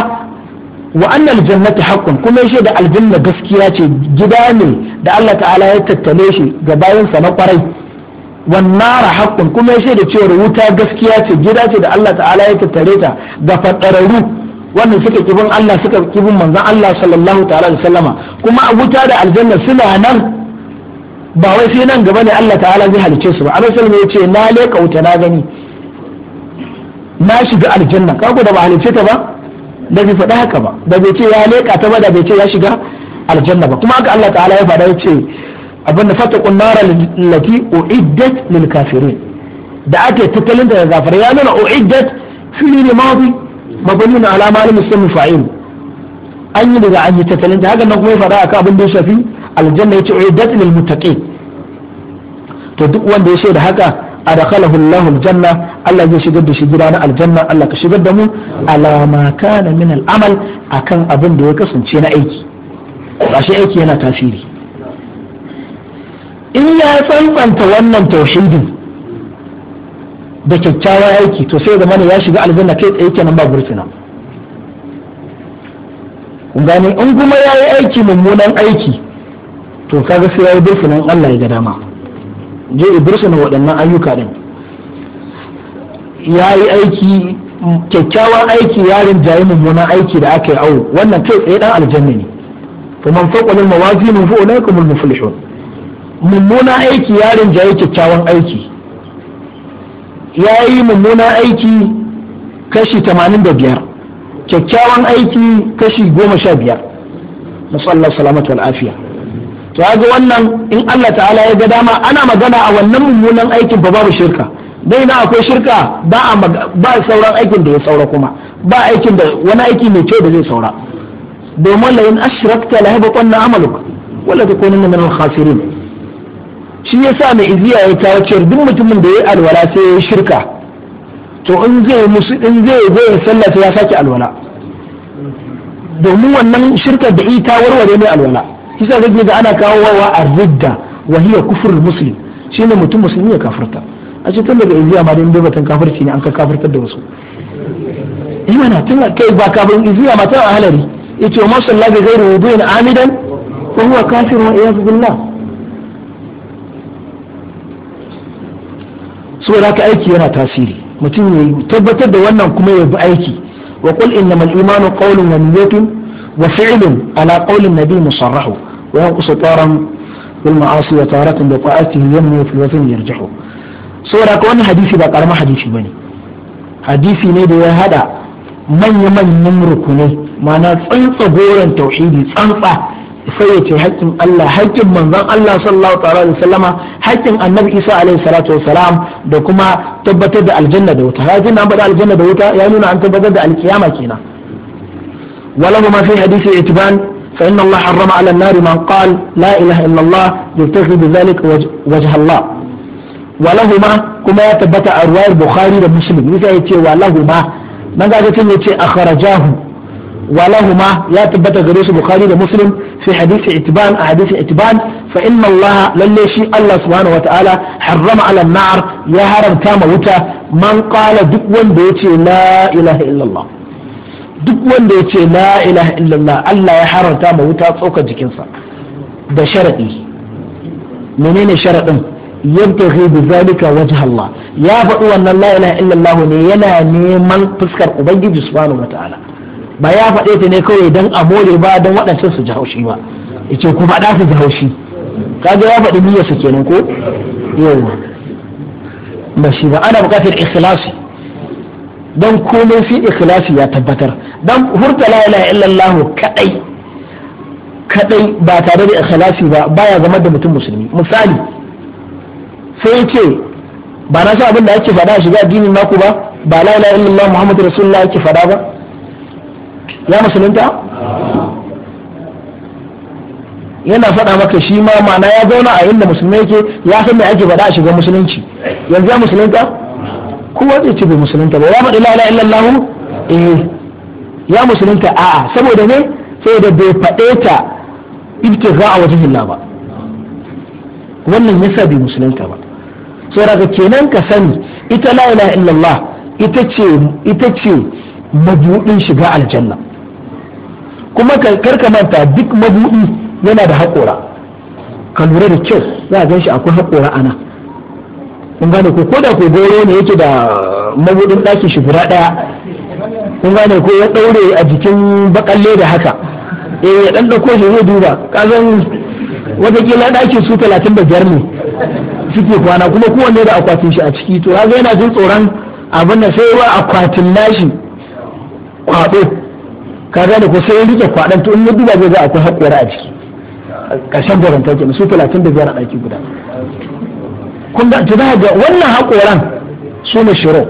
wa annal jannati haqqun kuma ya shaida aljanna gaskiya ce gida ne da Allah ta'ala ya tattale shi ga sa na kwarai wan nara haqqun kuma ya shaida cewa wuta gaskiya ce gida ce da Allah ta'ala ya tattare ta ga fadararru wannan suka kibin Allah suka kibin manzon Allah sallallahu ta'ala alaihi wasallama kuma wuta da aljanna suna nan ba wai sai nan gaba ne Allah ta'ala zai halice su ba a rasul ya ce na le wuta na gani na shiga aljanna kago da ba halice ta ba da bai faɗa haka ba da bai ce ya leka ta ba da bai ce ya shiga aljanna ba kuma haka Allah ta'ala ya faɗa ya ce abin da fatakun nara lati uiddat lil kafirin da ake tattalin da zafar ya nuna uiddat fili ne madi mabani na alama al muslimin fa'il an yi daga an yi tattalin da haka nan kuma ya faɗa akan abin da ya shafi aljanna yace uiddat lil muttaqin to duk wanda ya shaida haka adakhalahu Allah aljanna Allah zai shigar da shi gida na aljanna Allah ka shigar da mu ala ma kana min al'amal akan abin da ya kasance na aiki ba shi aiki yana tasiri in ya tsantsanta wannan tauhidin da kyakkyawan aiki to sai mana ya shiga aljanna kai tsaye kenan ba burtuna kun gane in kuma ya yi aiki mummunan aiki to kaga sai ya yi nan Allah ya ga dama je ya bursuna waɗannan ayyuka din ya yi aiki kyakkyawan aiki yarin jayi mummunan aiki da aka yi awo wannan kai tsaye dan aljanna ne to man faqala mawazinu fa ulaika hum muflihun mummunan aiki yarin jayi kyakkyawan aiki ya yi mummunan aiki kashi 85 kyakkyawan aiki kashi 15 musallar salamatu wal afiya to ga wannan in Allah ta'ala ya ga dama ana magana a wannan mummunan aikin ba babu shirka dai na akwai shirka ba ba sauran aikin da ya saura kuma ba aikin da wani aiki mai kyau da zai saura domin la in ashrakta la habaqanna amaluk wala takunanna min al-khasirin shi yasa mai iziya ya kawo cewa duk mutumin da ya alwala sai ya shirka to in zai musu in zai zai ya sallata ya sake alwala domin wannan shirkar da ita warware ne alwala kisa zai ga ana kawowa a ridda wa hiya kufrul muslim shine mutum musulmi ya kafirta a ce tun daga iziya ma dai batun kafirci ne an ka kafirtar da wasu imana tun kai ba kafirin iziya ma ta ahalari yace ma sallallahu bi ghairi wudu'in amidan fa huwa kafir wa iyad billah saboda ka aiki yana tasiri mutum ya tabbatar da wannan kuma ya bi aiki wa qul innamal imanu qawlun wa niyyatun wa fi'lun ala qawlin nabiy musarrahu وينقص طارا بالمعاصي وتارة بطاعته ينمو في الوثن يرجح saboda ka wannan hadisi ba karamin hadisi ba ne hadisi ne da ya haɗa manya-manyan rukunai mana tsantsa goron tauhidi tsantsa sai ya ce haƙƙin Allah haƙƙin manzon Allah sallallahu alaihi wasallama haƙƙin annabi Isa alaihi salatu wasalam da kuma tabbatar da aljanna da wuta hajin an bada aljanna da wuta ya nuna an tabbatar da alkiyama kenan wala ma fi hadisi itiban فإن الله حرم على النار من قال لا إله إلا الله يبتغي بذلك وجه الله ولهما كما يتبت أرواي البخاري ومسلم يسا يتي ولهما ما قاعدة يتي أخرجاه ولهما لا تبت غريس البخاري ومسلم في حديث اعتبان أحاديث اعتبان فإن الله لن يشيء الله سبحانه وتعالى حرم على النار يا هرم كام وتا من قال دقوا بيتي لا إله إلا الله duk wanda ya ce la ilaha illallah Allah ya haranta ma wuta tsoka jikinsa da sharaɗi menene sharaɗin yabtaghi bi zalika wajh Allah ya faɗi wannan la ilaha illallah ne yana neman fuskar ubangiji subhanahu wataala ba ya faɗe ta ne kawai dan a more ba dan waɗancan su ji haushi ba yace ku faɗa su ji haushi kaga ya faɗi su kenan ko yawa ba shi ba ana buƙatar ikhlasi Don komai fi ikhlasi ya tabbatar don hurta la ilaha illallah kadai kadai ba tare da ikhlasi ba baya zama da mutum musulmi misali sai ce ba na san abin da ake faɗa shiga addinin naku ba ba la ilaha illallah muhammadu rasulullah ake fada ba ya musulunta yana faɗa maka shi ma ma'ana ya zauna a inda musulmai yake ya san me ake faɗa a shiga musulunci yanzu ya musulunta kowa zai ce bai musulunta ba ya faɗi la illa eh ya musulunta a'a saboda ne sai da bai faɗe ta ra'a a wajen ba wannan yasa bai musulunta ba daga kenan ka sani ita la ilaha illallah ita ce ita ce mabudin shiga aljanna kuma karka manta duk mabudi yana da haƙora ka lura da kyau za a gan shi akwai haƙora ana. kun gane ko koda ko goro ne yake da mabudin daki shi fura ɗaya kun gane ko ya daure a jikin bakalle da haka eh ya dan dauko shi zai duba kazan kila daki su talatin da biyar ne suke kwana kuma kowanne da akwatin shi a ciki to kaga yana jin tsoron abin da sai ruwa akwatin nashi kwaɗo Ka gane ko sai ya rike kwaɗon to in ya duba zai ga akwai hakkuwar a ciki ƙarshen gwarantar kenan su talatin da biyar a daki guda kun da ta ga wannan haƙoran su ne shiro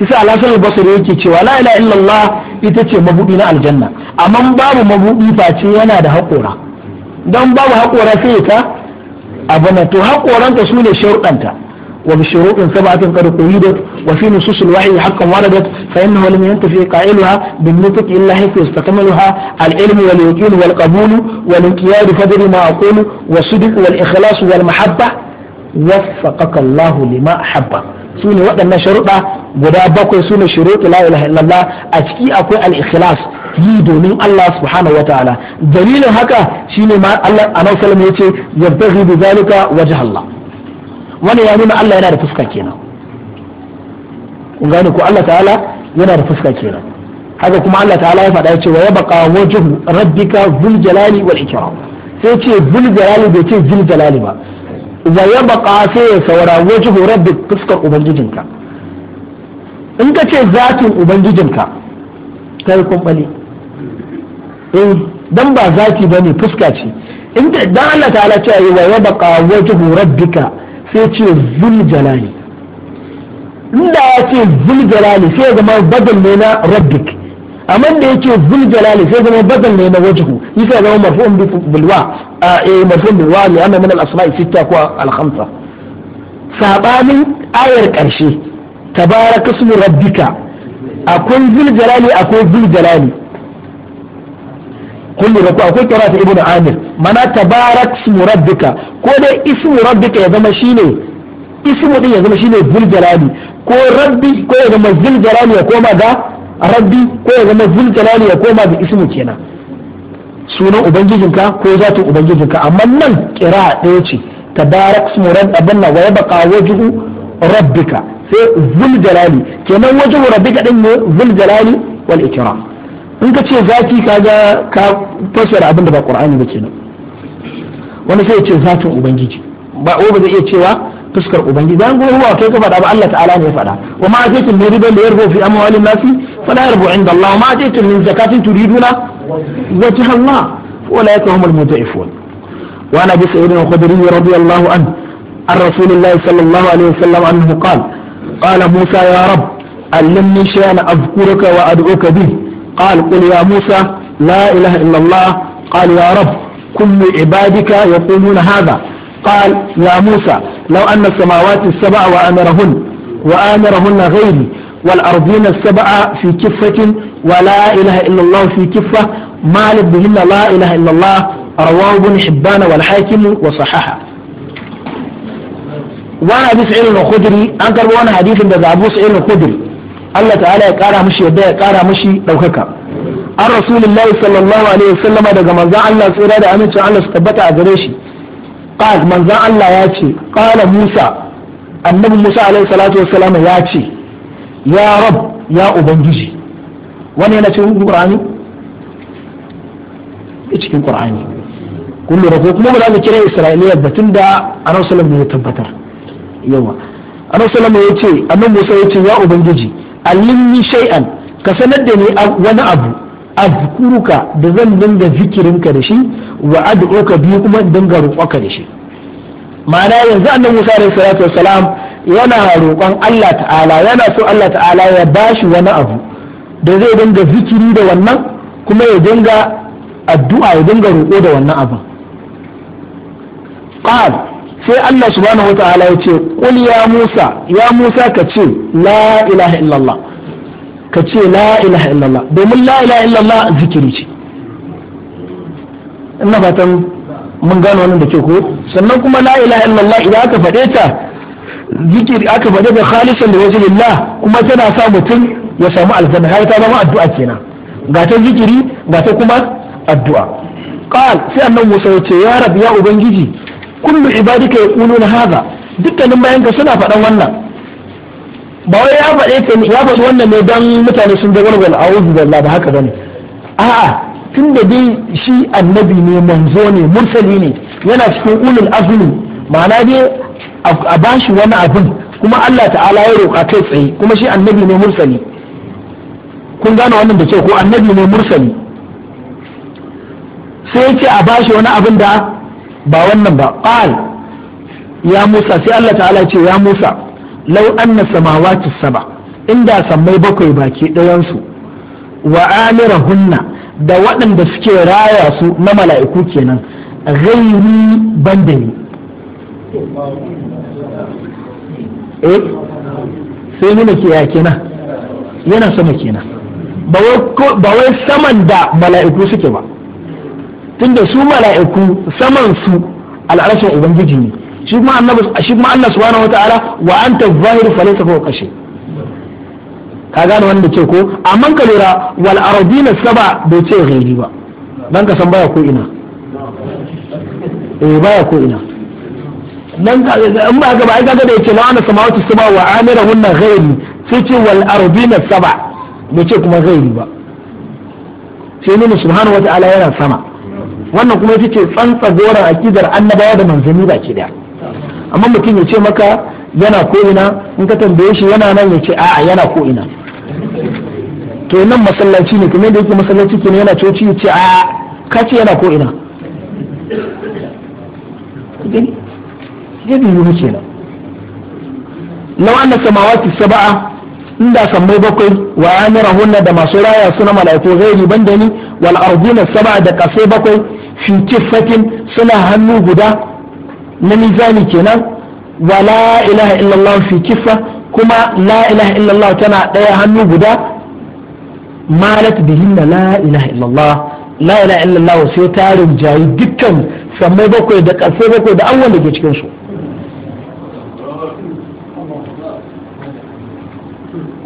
isa alasan albasari yake cewa la ilaha illallah ita ce mabudi na aljanna amma babu mabudi face yana da haƙora don babu haƙora sai ta abu na to haƙoranta su ne sharuɗanta wa bi shuruɗin sab'atin qad quyidat wa fi nusus al-wahyi haqqan waradat fa innahu lam yantafi qailuha bin nutq illa haythu istakmaluha al-ilm wal yaqin wal qabul wal inqiyad fadri ma aqulu wa sidq wal ikhlas wal mahabba waffaqaka Allahu lima habba su waɗannan sharuɗa guda bakwai su ne shuruɗu la ilaha a ciki akwai al yi domin Allah subhanahu wa ta'ala dalilin haka shine ma Allah annabi sallallahu alaihi wasallam yace yabtaghi bi zalika wajh wani ya nuna Allah yana da fuska kenan kun gane ko Allah ta'ala yana da fuska kenan haka kuma Allah ta'ala ya faɗa yace wa yabqa wajhu rabbika dhul sai ce dhul bai ce dhul ba wa ya baka sai ya saura wajen horar da fuskar ubangijinka in ka ce zatin ubangijinka yi kumbali in eh, dan ba zati bane fuska ce in dan Allah ta ce ayi wa ya baka wajen rabbika sai ce zul jalali inda ya ce zul jalali sai ya zama badal ne na rabbik amma da yake zul jalali sai zama bazan ne na wajhu yasa zama bulwa bilwa eh marfu'un bilwa ne amma min al-asma'i sitta ko al-khamsa sabanin ayar karshe tabaraka rabbika akwai zul jalali akwai zul jalali kun lura akwai kira ta ibnu amir mana tabarak ismu rabbika ko dai ismu rabbika ya zama shine ismu din ya zama shine zul jalali ko rabbi ko ya zama zul jalali ya koma ga rabbi ko ya zama zul jalali ya koma da ismu kenan sunan ubangijinka ko zatin ubangijinka amma nan kira ɗaya ce tabarak ismu rabbin wa yabqa wajhu rabbika sai zul jalali kenan wajhu rabbika din ne zul jalali wal ikram in ka ce zaki kaga ka fassara abin da ba qur'ani ba kenan wani sai ya ce zatin ubangiji ba ba zai iya cewa fuskar ubangiji dan gowa kai ka faɗa ba Allah ta'ala ne ya faɗa wa ma zai kin ne riba da yarbo fi amwalin nasi فلا يربو عند الله ما جئتم من زكاة تريدون وجه الله فأولئك هم المتعفون وعن أبي سعيد الخدري رضي الله عنه عن رسول الله صلى الله عليه وسلم أنه قال قال موسى يا رب علمني شيئا أذكرك وأدعوك به قال قل يا موسى لا إله إلا الله قال يا رب كل عبادك يقولون هذا قال يا موسى لو أن السماوات السبع وآمرهن وآمرهن غيري والأرضين السبعة في كفة ولا إله إلا الله في كفة مالك بهن لا إله إلا الله رواه ابن حبان والحاكم وصححه وانا أبي سعيد الخدري أنكر وانا حديث بذا أبو سعيد الخدري الله تعالى يقارى مشي يدى يقارى مشي دوكك an rasulillahi sallallahu alaihi wasallam daga manzan Allah tsira da amincin Allah su tabbata a gare shi qal manzan Allah ya ce qala Musa annabi Musa alaihi salatu wassalam ya ce ya rab ya ubangiji wani yana cikin qur'ani cikin qur'ani kun lura ko kuma ba za mu kira isra'iliya ba tunda anan sallallahu alaihi ya tabbatar yawa anan sallallahu ya ce annabi musa ya ce ya ubangiji alimni shay'an ka sanar da ni wani abu azkuruka da zan dinga zikirinka da shi wa ad'uka biyu kuma dinga roƙonka da shi ma'ana yanzu annabi Musa alaihi salatu wassalam yana roƙon Allah ta'ala yana so Allah ta'ala ya bashi wani abu da zai dinga zikiri da wannan kuma ya dinga addu'a ya dinga roƙo da wannan abin qal sai Allah subhanahu wataala ya ce qul ya Musa ya Musa ka ce la ilaha illallah ka ce la ilaha illallah domin la ilaha illallah zikiri ce ina fatan mun gano wannan da ke ko sannan kuma la ilaha illallah idan aka faɗe ta zikiri aka faɗe da khalisan da Allah. kuma tana sa mutum ya samu aljanna har ta zama addu'a kenan ga ta zikiri ga ta kuma addu'a qal sai annan Musa ya ce ya rab ya ubangiji kullu ibadika yaquluna hadha dukkanin ka suna faɗan wannan ba wai ya faɗe ta ya faɗi wannan ne dan mutane sun ga walwal a'udhu billahi da haka bane a'a tun da dai shi annabi ne manzo ne mursali ne yana cikin ulul azmi ma'ana dai a bashi wani abin kuma Allah ta'ala ya roƙa kai tsaye kuma shi annabi ne mursali kun gane wannan da ke ko annabi ne mursali sai ya ce a bashi wani abin da ba wannan ba qal ya Musa sai Allah ta'ala ce ya Musa law anna samawati saba inda samai bakwai baki ɗayansu wa amirahunna da waɗanda suke raya su na mala'iku kenan ghairi banda ni eh sai nuna ke ya kenan yana sama kenan ba wai saman da mala'iku suke ba tunda su mala'iku saman su al'arshin ubangiji ne shi kuma Allah subhanahu wataala wa anta zahiru falaysa fawqa shay' ka gane wanda ce ko amma ka lura wal ardina saba bai ce ghairi ba dan ka san baya ko ina eh baya ko ina dan ka in ba ga ba ai kaga da yake la'ana samawati saba wa hunna ghairi sai ce wal ardina saba bai ce kuma ghairi ba sai ne subhanahu wa ta'ala yana sama wannan kuma ita ce tsantsa goran akidar annabawa da manzanni ba ke da amma mutum ya ce maka yana ko ina in ka tambaye shi yana nan ya ce a'a yana ko ina to nan masallaci ne kuma da yake masallaci ke yana coci ya ce a kace yana ko ina ya biyu muke nan law anna samawati sab'a inda sammai bakwai wa amirahunna da masu raya suna malaiku ghairi banda ni wal ardina sab'a da kasai bakwai fi kifatin suna hannu guda na mizani kenan wa la ilaha illallah fi kifa kuma la ilaha illallah tana daya hannu guda malat bihinna la ilaha illallah la ilaha illallah sai ta rinjayi dukkan samai bakwai da karfe bakwai da awon da ke cikin su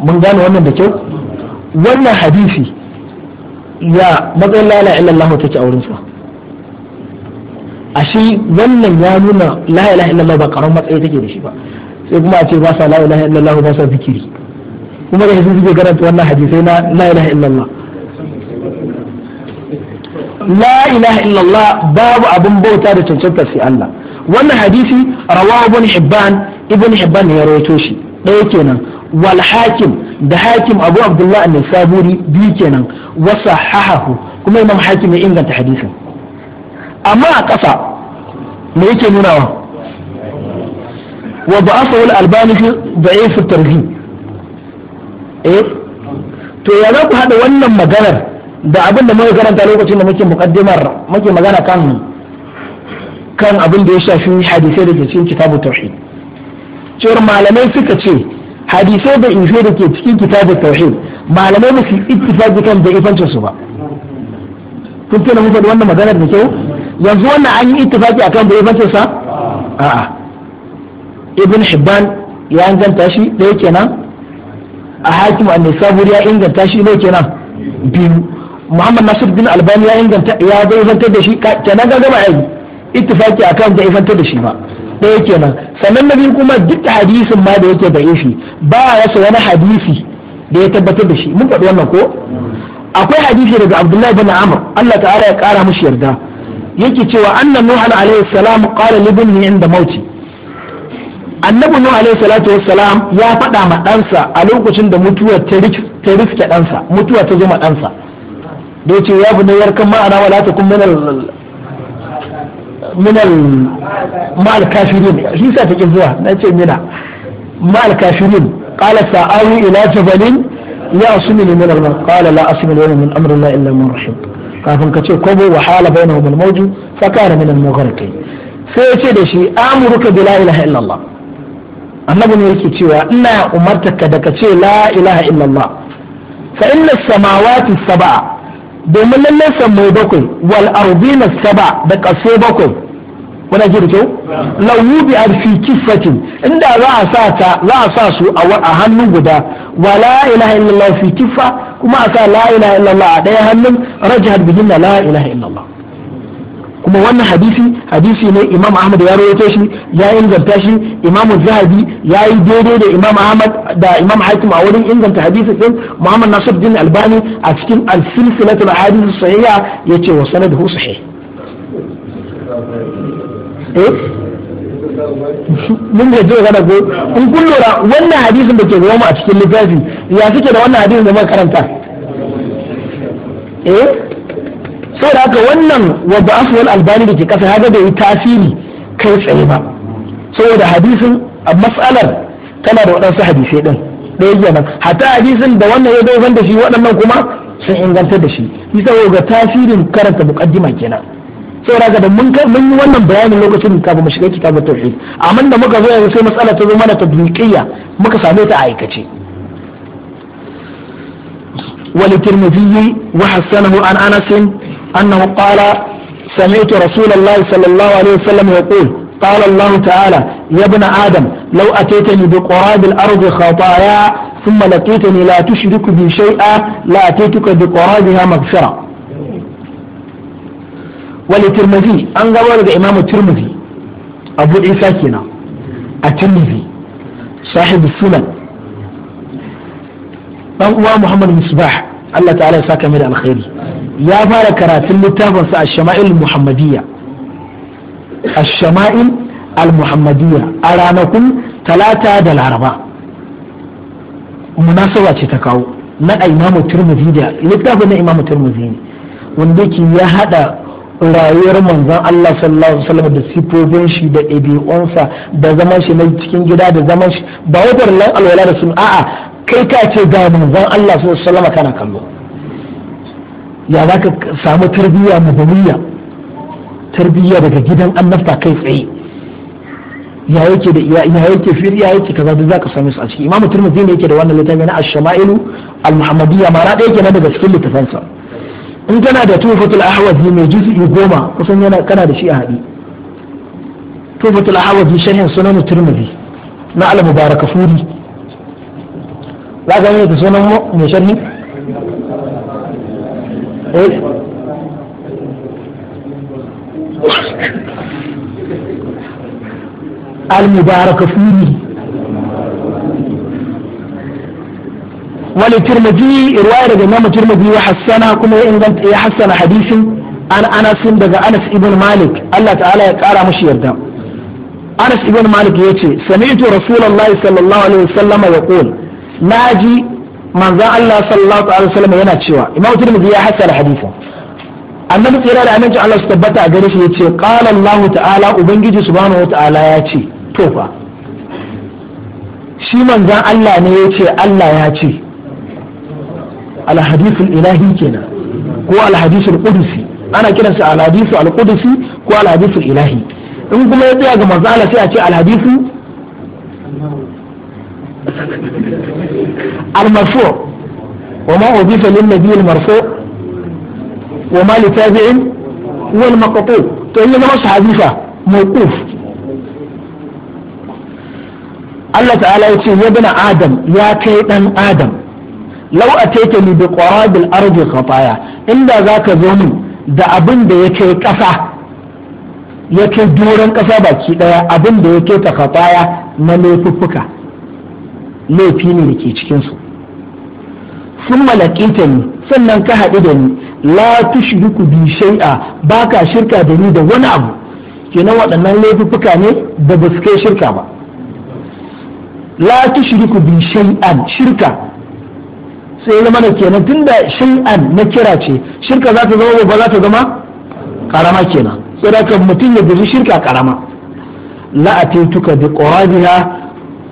mun gane wannan da kyau wannan hadisi ya matsayin la ilaha illallah take a shi ashe wannan ya nuna la ilaha illallah ba karon matsayi take da shi ba sai kuma a ce ba sa la ilaha illallah ba sa zikiri kuma da yanzu suke garanta wannan hadisai na la ilaha illallah la ilaha illallah babu abin bauta da cancanta sai Allah wannan hadisi rawahu ibn hibban ibn hibban ya rawaito shi ɗaya kenan wal hakim da hakim abu abdullah an-nisaburi biyu kenan wa sahahahu kuma imam hakim ya inganta hadisin amma a ƙasa me yake nunawa wa ba'afahu al-albani fi da'if at-targhib Eh? to ya za ku haɗa wannan maganar da abin da muka karanta lokacin da muke mukaddimar muke magana kan kan abin da ya shafi hadisai da ke cikin kitabu tauhid cewar malamai suka ce hadisai da ife da ke cikin kitabu tauhid malamai ba su ittifaqi kan da ifancin su ba kun tuna muku da wannan maganar da kyau yanzu wannan an yi ittifaqi akan da ifancin sa a'a ibn hibban ya ganta shi da yake nan a hakim a nisaburi ya inganta shi ne kenan biyu muhammad nasir bin albani ya inganta ya zaifantar da shi kenan ga gama yayi ittifaki akan zaifantar da shi ba ɗaya kenan sannan na biyu kuma duk hadisin ma da yake da ifi ba ya rasa wani hadisi da ya tabbatar da shi mun faɗi wannan ko akwai hadisi daga abdullahi bin amr allah ta'ala ya ƙara mishi yarda yake cewa annan nuhan alayhi salam qala libni inda mauti annabi nuhu alaihi salatu wassalam ya faɗa ma ɗansa a lokacin da mutuwa ta riske ɗansa mutuwa ta zo ma ɗansa da yace ya bu nayar kan ma'ana wala ta kun minal minal ma'al kafirin shi sa take zuwa na ce mina ma'al kafirin qala sa'awi ila jabalin ya asmini min al-ma qala la asmini wa min amri la illa man rahim kafin ka ce kobo wa hala bainahum al-mawju fa kana min al-mughariqin sai ya ce da shi amuruka bila ilaha illallah annabi ne yake cewa ina umartaka da ka ce la ilaha illallah fa inna samawati sab'a domin lallai samai bakwai wal ardina sab'a da kaso bakwai kuna ji da kyau lawu bi arfi kifatin inda za a sa ta za a sa su a hannu guda wa la ilaha illallah fi kifa kuma a sa la ilaha illallah a daya hannun rajahar bihin la ilaha illallah kuma wannan hadisi hadisi ne imam ahmad ya rawaito shi ya inganta shi imam zahabi ya yi daidai da imam ahmad da imam hakim a wurin inganta hadisi din muhammad nasir din albani a cikin al-silsilatul hadith sahiha yace wa sanaduhu sahih eh mun ga jiya gana ko in kun lura wannan hadisin da ke gaban mu a cikin littafi ya suke da wannan hadisin da muka karanta eh saboda haka wannan wadda aswal albani da ke kasa haka bai yi tasiri kai tsaye ba saboda hadisin a matsalar tana da waɗansu hadisai ɗin ɗaya nan hata hadisin da wannan ya dogon da shi waɗannan kuma sun inganta da shi bisa ga tasirin karanta muqaddima kenan saboda haka da mun mun yi wannan bayanin lokacin kafin mu shiga kitabut tauhid amma da muka zo yanzu sai matsala ta zo mana dukiya muka same ta a aikace ولترمذي وحسنه عن انس أنه قال سمعت رسول الله صلى الله عليه وسلم يقول قال الله تعالى يا ابن آدم لو أتيتني بقراب الأرض خطايا ثم لقيتني لا تشرك بي شيئا لأتيتك بقرابها مغفرة ولترمذي أن قال إمام الترمذي أبو عيسى كنا الترمذي صاحب السنن ɗan uwa Muhammad Misbah Allah ta'ala ya saka mai da alkhairi ya fara karatun littafinsa a shama'il muhammadiyya a shama'il al-muhammadiyya a ranakun talata da laraba munasaba ce ta kawo na imamu turmuzi da littafin na imamu turmuzi ne wanda yake ya hada rayuwar manzon Allah sallallahu alaihi wasallam da sifofin shi da ɗabi'unsa da zaman shi na cikin gida da zaman shi ba wai alwala da sun a'a kai ka ce ga manzon Allah sallallahu alaihi wasallam kana kallo ya za ka samu tarbiyya muhimmiya tarbiyya daga gidan annabta kai tsaye ya yake da ya yake fir ya yake kaza duk zaka same su a ciki imamu tirmidhi ne yake da wannan littafi na ash-shama'ilu al-muhammadiyya ma na ɗaya kenan daga cikin littafansa in kana da tufatul ahwazi mai juz'i goma kusan yana kana da shi a hadi tufatul ahwazi sharhin sunan tirmidhi na al-mubarakafuri za ga yana da sunan mai sharhi المبارك فيه وللترمذي رواية الإمام الترمذي وحسنها كما إن حسن حديث عن أنس دقى أنس ابن مالك الله تعالى يقرأ مشي يردا أنس ابن مالك يأتي سمعت رسول الله صلى الله عليه وسلم يقول ناجي Manzan Allah sallallahu alaihi wasallam yana cewa Imam Tirmidhi ya hasara hadisin annabi tsira da amince Allah su tabbata a gare shi ya ce, qala Allah ta'ala ubangiji subhanahu wa ta'ala ya ce to fa shi manzan Allah ne ya ce? Allah ya ce al-hadithul ilahi kenan ko al-hadithul ana kiransa al-hadithul qudsi ko al-hadithul ilahi in kuma ya tsaya ga manzon Allah sai a ce al-hadithu المرفوع وما أضيف للنبي المرفوع وما لتابع والمقطوع تقول لنا مش حذيفة موقوف الله تعالى يقول يا ابن آدم يا كيدن آدم لو أتيتني بقراب الأرض خطايا إلا ذاك ذنب da abin da ya kai ƙasa ya kai doron ƙasa baki ɗaya abin da ya kai ta na laifuffuka laifi ne da ke cikinsu sun ta ni sannan ka haɗu da ni la tushriku bi shay'a ka shirka da ni da wani abu kenan waɗannan laifuka ne da ba su kai shirka ba la tushriku bi shay'an shirka sai zama da kenan tunda shay'an na kira ce shirka za ta zama ba za ta zama karama kenan sai da mutum ya guji shirka karama la atituka bi quradiha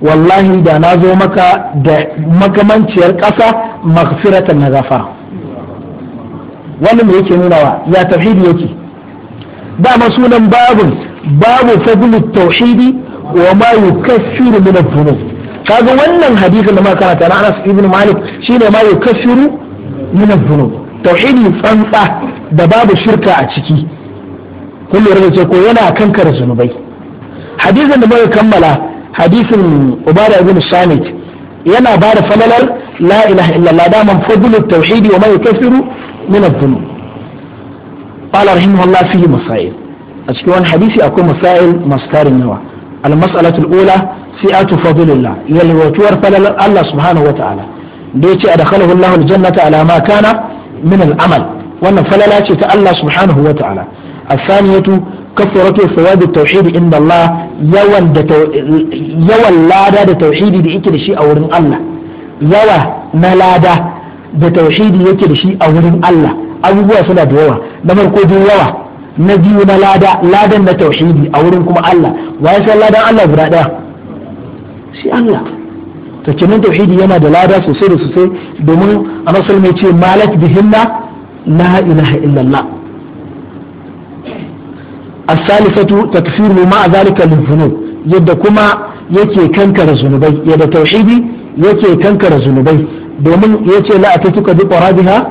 wallahi da na zo maka da makamanciyar ƙasa maghfiratan na gafara wannan me yake nunawa ya tauhidi yake dama sunan babu, babu fadlu tauhidi wa ma yukaffiru min adh-dhunub kaga wannan hadisin da muka karanta na Anas ibn Malik shine ma yukaffiru min adh-dhunub tauhidi tsantsa da babu shirka a ciki kullu rage ko yana kankara zunubai hadisin da muka kammala hadisin ubada ibn samit yana ba da falalar la ilaha illallah daman fadlu tauhidi wa mai kafiru min adh qala rahimahullah fihi masail a cikin wani hadisi akwai masail masu tarin yawa al-mas'alatu al-ula si'atu fadlillah yalwatuwar falalar Allah subhanahu wa ta'ala da yace adkhalahu Allah al-jannata ala ma kana min al-amal wannan falala ce ta Allah subhanahu wa ta'ala الثانية كثرة ثواب التوحيد عند الله yawan lada da tauhidi da yake da shi a wurin Allah yawa na lada da tauhidi yake da shi a wurin Allah abubuwa suna da yawa na farko dai yawa na biyu na lada ladan na tauhidi a wurin kuma Allah wa ya san ladan Allah guda daya shi Allah to kenan tauhidi yana da lada sosai da sosai domin a mai ce malak bihinna la ilaha illallah as-salisatu takfiru ma zalika lil yadda kuma yake kankara zunubai yadda tauhidi yake kankara zunubai domin yace la atatuka bi qarabiha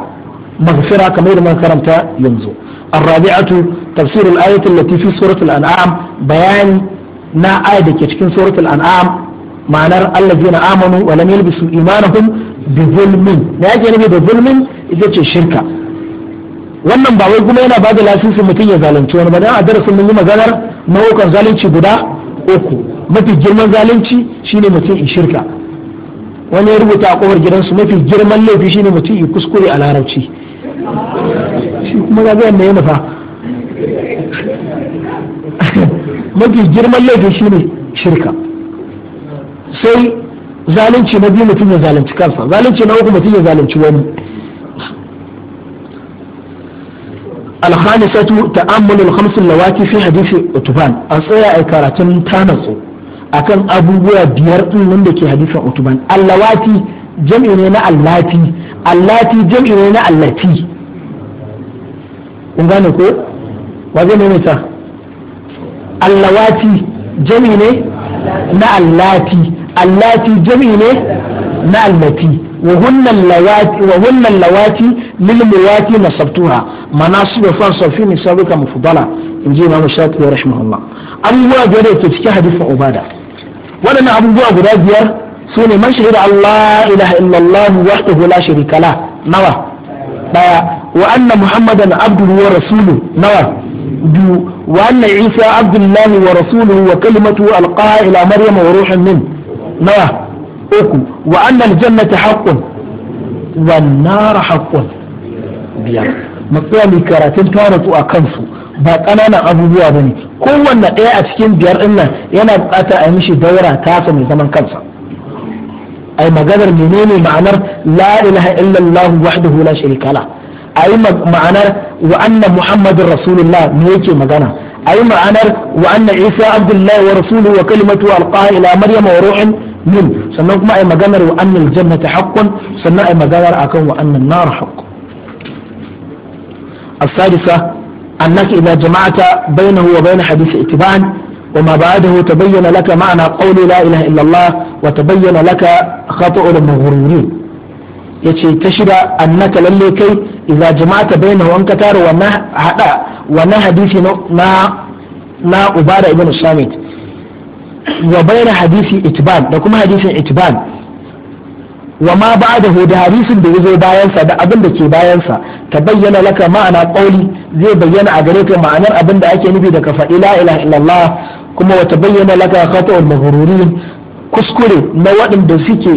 maghfira kamar da karanta yanzu الرابعة تفسير الآية التي في سورة الأنعام بيان نا آية cikin سورة الأنعام ma'anar allazina amanu wa lam yalbisu imanahum bi zulmin da yake nufi da zulmin ita ce shirka wannan ba wai kuma yana bada lasisin mutum ya zalunci wani ba dan a darasin mun yi maganar nau'ukan zalunci guda uku mafi girman zalunci shine mutum in shirka wani ya rubuta a kofar gidansu mafi girman laifi shine mutum in kuskure a larabci shi kuma ga yadda ya nufa mafi girman laifi shine shirka sai zalunci na biyu mutum ya zalunci kansa zalunci na uku mutum ya zalunci wani الخامسة تأمل الخمس اللواتي في حديث أتبان أصيا إكارة تانسو أكن أبو بيار من دكي حديث أتبان اللواتي جمعنا اللاتي اللاتي جمعنا اللاتي kun gane ko wa zai maimaita allawati jami ne na allati allati jami ne na allati وهن اللواتي وهن اللواتي للمواتي نصبتها مناصب فانصب في نسابك مفضلة إن جي إمام الشافعي رحمه الله أبوها جريت في حديث عبادة ولنا أبوها قرازير سوني من شهد الله إله إلا الله وحده لا شريك له نوى وأن محمدا عبده ورسوله نوى دو وأن عيسى عبد الله ورسوله وكلمته ألقاها إلى مريم وروح منه نوى uku wa annal jannata haqqun wan nar haqqun biyar matsaya mai karatun taratu a kansu ba ƙananan abubuwa ba ne kowanne ɗaya a cikin biyar ɗin nan yana buƙatar a yi mishi daura tasa mai zaman kansa ai maganar menene ma'anar la ilaha illallah wahdahu la sharika la ai ma'anar wa anna muhammadur rasulullah me yake magana ai ma'anar wa anna isa abdullahi wa rasuluhu wa kalimatu alqa ila maryama wa ruhin min sannan kuma ai maganar wa annal jannata haqqun sannan ai maganar akan wa annan nar haqqun السادسة أنك إذا جمعت بينه وبين حديث اتباعا وما بعده تبين لك معنى قول لا إله إلا الله وتبين لك خطأ المغرورين yace ta shida annaka lalle kai idza jama'ata bainahu an ka tara wa hada na hadisi na na ubada wa bayyana hadisi itban da kuma hadisin itban wa ma ba da hadisin da ya zo bayansa da abin da ke bayansa sa ta bayyana laka ma'ana qauli zai bayyana a gare ka ma'anar abin da ake nufi da ka faɗi la ilaha illallah kuma wa tabayyana laka khata'ul maghrurin kuskure na waɗanda suke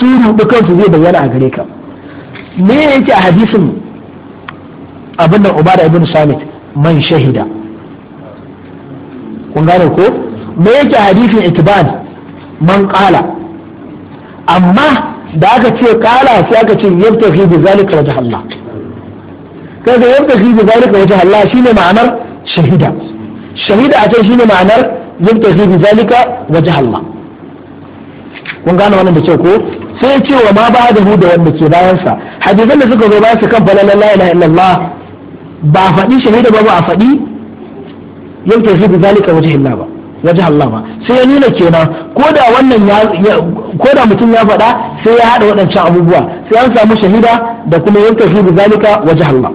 su rubu kansu zai bayyana a gare ka me yake a hadisin abin da Ubada ibn Samit man shahida kun gane ko me yake hadisin itibad man kala amma da aka ce kala sai aka ce yabtafi bi zalika wajh Allah kaga yabtafi bi zalika wajh Allah shine ma'anar shahida shahida a ce shine ma'anar yabtafi bi zalika wajh Allah kun gane wannan da kyau ko sai ce wa ma ba da da wanda ke bayansa hadisan da suka zo bayan su kan falalan la ilaha illallah ba faɗi shahida ba ba a faɗi yau tafi bi zalika wajh Allah ba wajen Allah ba sai ya nuna kenan ko da wannan ko da mutum ya faɗa sai ya haɗa waɗancan abubuwa sai an samu shahida da kuma yanka shi da zalika wajen Allah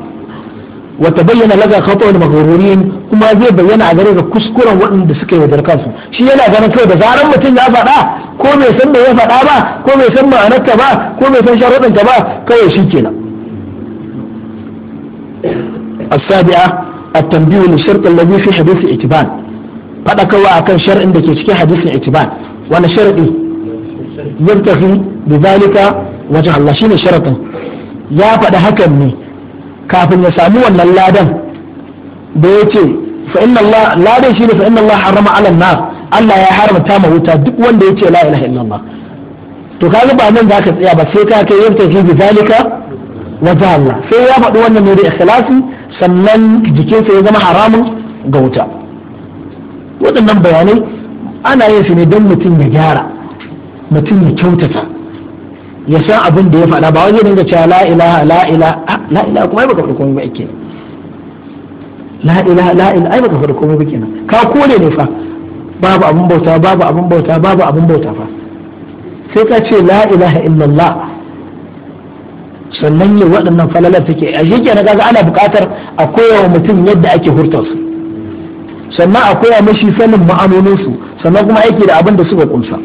wa tabayyana laga khata'ul maghrurin kuma zai bayyana a gare ga kuskuren waɗanda suka yi da kansu shi yana ganin kai da zaran mutum ya faɗa ko bai san me ya faɗa ba ko bai san ma'anarta ba ko bai san sharuɗanta ba kawai shi kenan السابعة التنبيه للشرط الذي في حديث اعتبار faɗakarwa akan shar'in da ke cikin hadisin itibar wani shar'i yabtahi bi zalika wajh Allah shine sharatin ya faɗa hakan ne kafin ya samu wannan ladan da ya ce inna ladan shi ne inna Allah harama ala nar Allah ya haramta ma wuta duk wanda ya yace la ilaha illallah to ka ba nan zaka tsaya ba sai ka kai yabtahi bi zalika wajh Allah sai ya faɗi wannan ne da ikhlasi sannan jikinsa ya zama haramun ga wuta waɗannan bayanai ana yin su ne don mutum ya gyara mutum ya kyautata ya san abin da ya faɗa ba wani dinga cewa la ilaha la ilaha la ilaha kuma ai baka faɗi komai ba ake la ilaha la ilaha ai baka faɗi komai ba kenan ka kore ne fa babu abin bauta babu abin bauta babu abin bauta fa sai ka ce la ilaha illallah sannan ne waɗannan falalar take a shi kenan kaga ana buƙatar a koyawa mutum yadda ake hurtar su sannan a koya mashi sanin ma'anoninsu sannan kuma aiki da abin da suka kunsa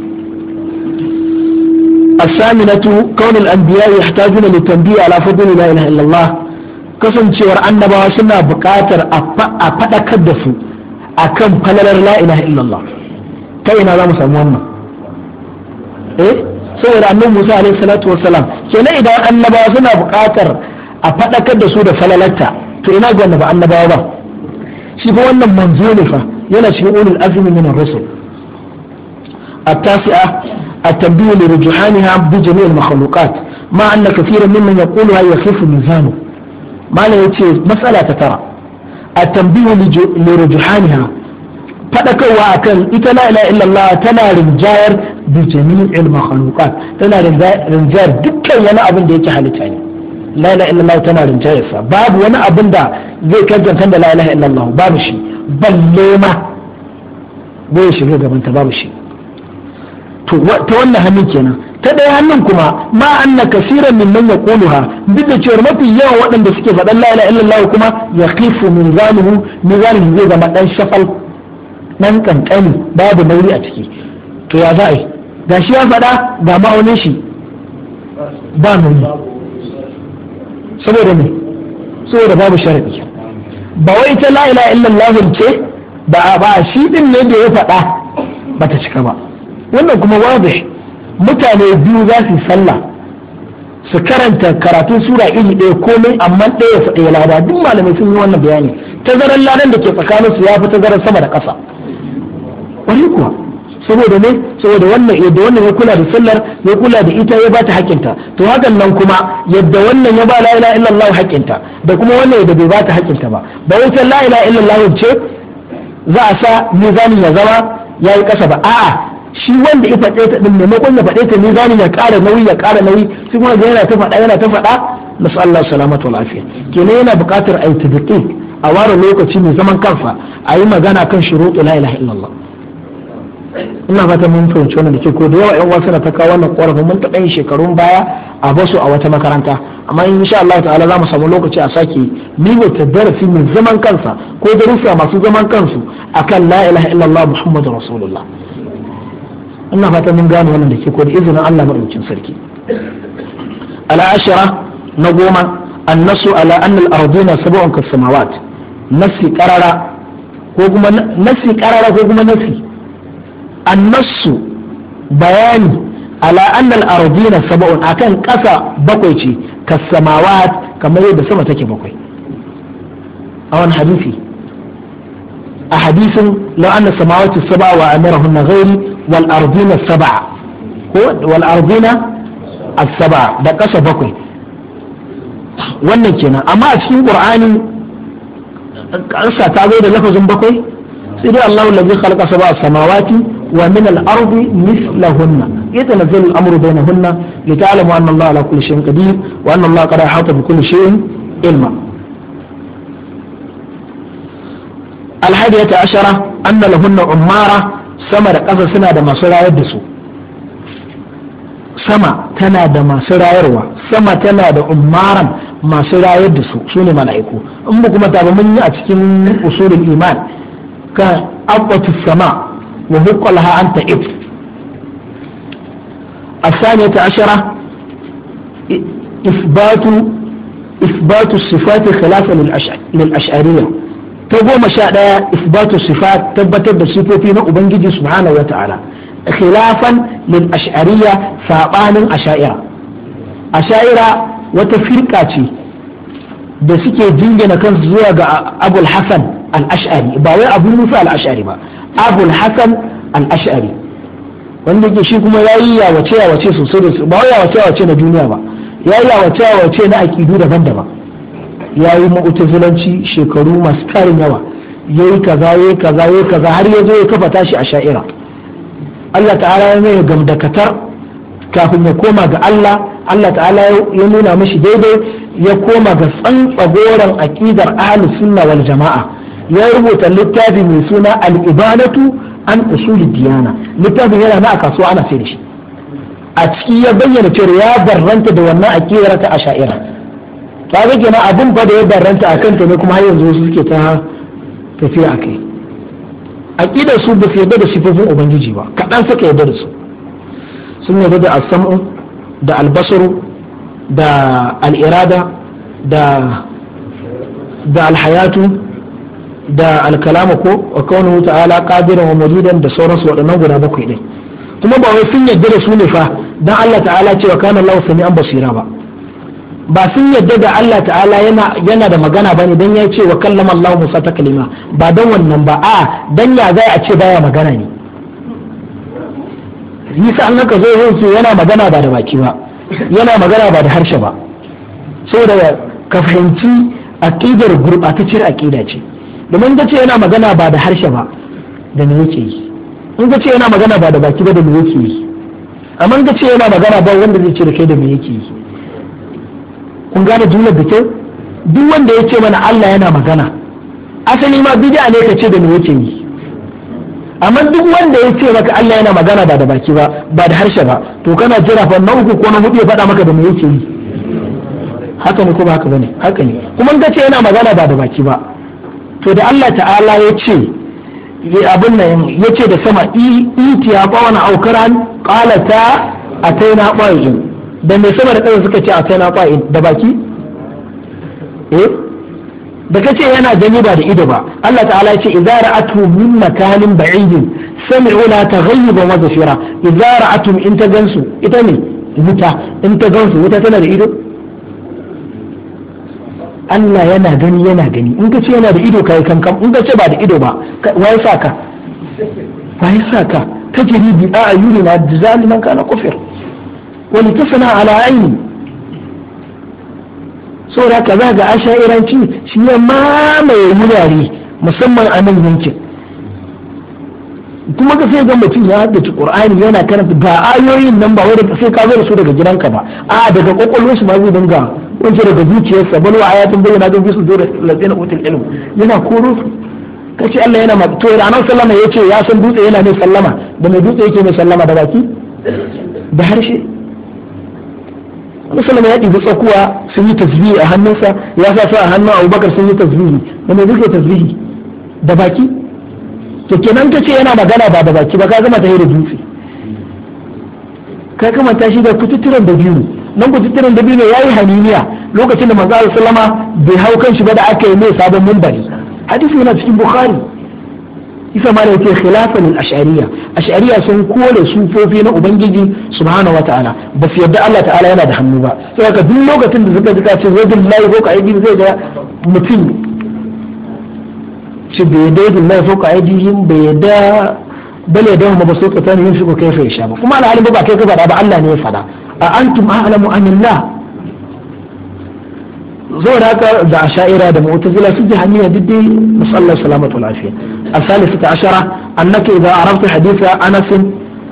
asaminatu kaunin anbiya ya hata juna mai tambiya ala fadini la ilaha illallah kasancewar annabawa suna buƙatar a faɗakar su a falalar la ilaha illallah ta ina za mu samu wannan eh saboda annabi musa alaihi salatu wassalam kenan idan annabawa suna buƙatar a faɗakar da su da falalarta to ina ga annabawa ba shi fa wannan manzo ne fa yana cikin ulul azmi min ar-rusul التاسعة التنبيه لرجحانها بجميع المخلوقات مع أن كثيرا ممن يقولها يخف ميزانه ما لا يتشيز مسألة ترى التنبيه لرجحانها faɗakarwa a kan ita la ila illallah tana rinjayar bi jami'il makhluqat tana rinjayar dukkan wani abin da yake halitta ne la ilaha illallah tana rinjayarsa babu wani abin da zai kankanta da la ilaha illallah babu shi balle ma bai shiga gaban ta babu shi to ta wannan hannun kenan ta ɗaya hannun kuma ma anna kasiran min man yaquluha duk da cewa mafi yawa waɗanda suke faɗan la ilaha illallah kuma yaqifu min zalihu min zalihu zai zama dan shafal dan kankani babu nauyi a ciki to ya za'a gashi ya faɗa ga ma'aunin shi ba nauyi saboda ne saboda babu sharadi ba wai ta la ilaha illallah ce ba ba shi din ne da ya faɗa ba ta cika ba wannan kuma wazi mutane biyu za su sallah su karanta karatun sura iri ɗaya komai amma ɗaya su ɗaya lada duk malamai sun yi wannan bayani tazarar ladan da ke tsakaninsu ya fi tazarar sama da ƙasa wani kuwa saboda ne saboda wannan yadda wannan ya kula da sallar ya kula da ita ya bata hakinta to hakan nan kuma yadda wannan ya ba la ilaha illallah hakinta da kuma wannan yadda bai bata hakinta ba ba sai la ilaha illallah ce za a sa mizanin ya zama yayi kasa ba a'a shi wanda ya faɗe ta din maimakon ya faɗe ta mizanin ya kara nauyi ya kara nauyi shi kuma yana ta faɗa yana ta faɗa nasu Allah salamatu wa lafiya kenan yana buƙatar a yi a ware lokaci mai zaman kansa a yi magana kan shuruɗu la ilaha illallah ina fata mun fahimci wannan da ke ko da yawa yan wasu na ta kawo wannan korafin mun taɓa yin shekarun baya a basu a wata makaranta amma in sha Allah ta'ala za mu samu lokaci a sake ta darasi mai zaman kansa ko darussa masu zaman kansu akan la ilaha illallah muhammadu rasulullah ina fata mun gane wannan da ke ko da izinin Allah madaukakin sarki ala ashara na goma annasu ala annal ardina sabon kasamawat nasi karara ko kuma nasi qarara ko kuma nasi annasu bayani ala annal ardina sab'un akan kasa bakwai ce kasamawat kamar yadda sama take bakwai a wani hadisi a hadisin law anna samawati sab'a wa amirahunna ghairi wal ardina sab'a ardina da bakwai wannan kenan amma a cikin qur'ani ƙasa ta zo da lafazin bakwai sai dai Allahu allazi halka sab'a samawati ومن الأرض مثلهن يتنزل الأمر بينهن لتعلموا أن الله على كل شيء قدير وأن الله قد أحاط بكل شيء علما الحادية عشرة أن لهن أمارة سما قصة سنة دما سرى يدسو سما تنا دما سرى يروى سما تنا أمارا ما سرى يدسو سوني ملايكو أمكم تابمني أتكين أصول الإيمان كأقوة السماء وهق لها أن تعب الثانية عشرة إثبات إثبات الصفات خلافا للأشعرية تقوم شاء إثبات الصفات تبت بصفوفين أبنجي سبحانه وتعالى خلافا للأشعرية فابان أشائرة أشائرة وتفرقة da suke jingina kansu zuwa ga abul hasan al-ash'ari ba wai abun musa al-ash'ari ba Abulhassan hasan al-ash'ari wanda ke shi kuma ya yi yawace yawace sosai da ba wai yawace yawace na duniya ba ya yi yawace yawace na aƙidu daban-daban ya yi ma'utazilanci shekaru masu karin yawa ya yi kaza ya yi kaza ya yi kaza har ya zo ya kafa tashi a sha'ira Allah ta'ala ya mai gamdakatar kafin ya koma ga Allah Allah ta'ala ya nuna mashi daidai ya koma ga goron aƙidar ahlus sunna wal jama'a ya rubuta littafi mai suna al-ibanatu an usuli diyana littafin yana na a kasuwa ana sai da shi a ciki ya bayyana cewa ya barranta da wannan kera ta asha'ira ta ga kenan abin fa da ya barranta a kanta ne kuma har yanzu su suke ta tafiya kai akidar su ba su yarda da sifofin ubangiji ba kaɗan suka yarda da su sun yarda da asamu, da albasaru, da al'irada, da da da alkalama ko wa wuta ta'ala qadiran wa mawjudan da sauransu waɗannan guda bakwai ɗin kuma ba wai sun yadda da su ne fa dan Allah ta'ala cewa kana Allah an basira ba ba sun yadda da Allah ta'ala yana yana da magana ne dan ya ce wa kallama Allah Musa ta kalima ba dan wannan ba a dan ya zai a ce baya magana ne Isa an ka zo yau yana magana ba da baki ba yana magana ba da harshe ba saboda ka fahimci aqidar gurɓatacciyar aqida ce domin ga ce yana magana ba da harshe ba da me yake yi in ga ce yana magana ba da baki ba da me yake yi amma in ka ce yana magana ba wanda zai ce da kai da me yake yi kun gane jumlar da kyau duk wanda ya ce mana Allah yana magana asali ma bid'a ne ka ce da me yake yi amma duk wanda ya ce maka Allah yana magana ba da baki ba ba da harshe ba to kana jira fa na uku ko na hudu ya faɗa maka da me yake yi haka ne ko ba haka bane haka ne kuma ga ce yana magana ba da baki ba to da Allah ta'ala ya ce abin nan ya ce da sama iti ya bawa na aukaran kalata a ta na ƙwayo da mai sama da ƙasa suka ce a ta na ƙwayo da baki eh da ce yana gani ba da ido ba Allah ta'ala ya ce idza ra'atuhum min makanin ba'idin sami'u la taghayyiban wa zafira idza ra'atuhum in ta gansu ita ne wuta in ta gansu wuta tana da ido Allah yana gani yana gani in ka ce yana da ido kai kankan in ka ce ba da ido ba wai sa ka wai sa ka tajri bi a'yunina jazal man kana kufir wa litafna ala ayni saboda ka za ga ashairanci shi ya mamaye wurare musamman a nan yankin kuma ka sai ga mutum ya haddace qur'ani yana karanta ba ayoyin nan ba wadda sai ka zo da su daga gidanka ba a daga kwakwalwar shi ma zai dinga kunshi daga zuciyarsa bal wa ayatin bayyana don bisu zuwa lazina utul ilm yana koro su kace Allah yana maka to ranar sallama yace ya san dutse yana ne sallama da mai dutse yake mai sallama da baki da harshe sallama ya ɗibi tsakuwa sun yi tasbihi a hannunsa ya sa sa a hannun abubakar sun yi tasbihi da mai dutse tasbihi da baki to kenan kace yana magana ba da baki ba ka gama ta da dutse ka kamanta shi da kututturen da biyu dan gututturen dabino yayi haniniya lokacin da manzo Allah sallama bai hau kan shi ba da aka yi mai sabon minbari hadisi yana cikin bukhari isa ma da yake khilafan al-ash'ariyya ash'ariyya sun kore sufofi na ubangiji subhanahu ta'ala. ba su yarda Allah ta'ala yana da hannu ba sai ka duk lokacin da suka duka ce rajul lahi ko ka aidi zai ga mutum shi bai yarda rajul lahi ko ka aidi bai yarda bale da mu ba so ka tani yin shi ko kai fa sha ba kuma alhalin ba kai ka faɗa ba Allah ne ya faɗa a antum a'lamu anillah zuwa haka da asha'ira da mu'tazila su jahaniya diddi musallar salamatu lafiya الثالثة عشرة أنك إذا عرفت حديث أنس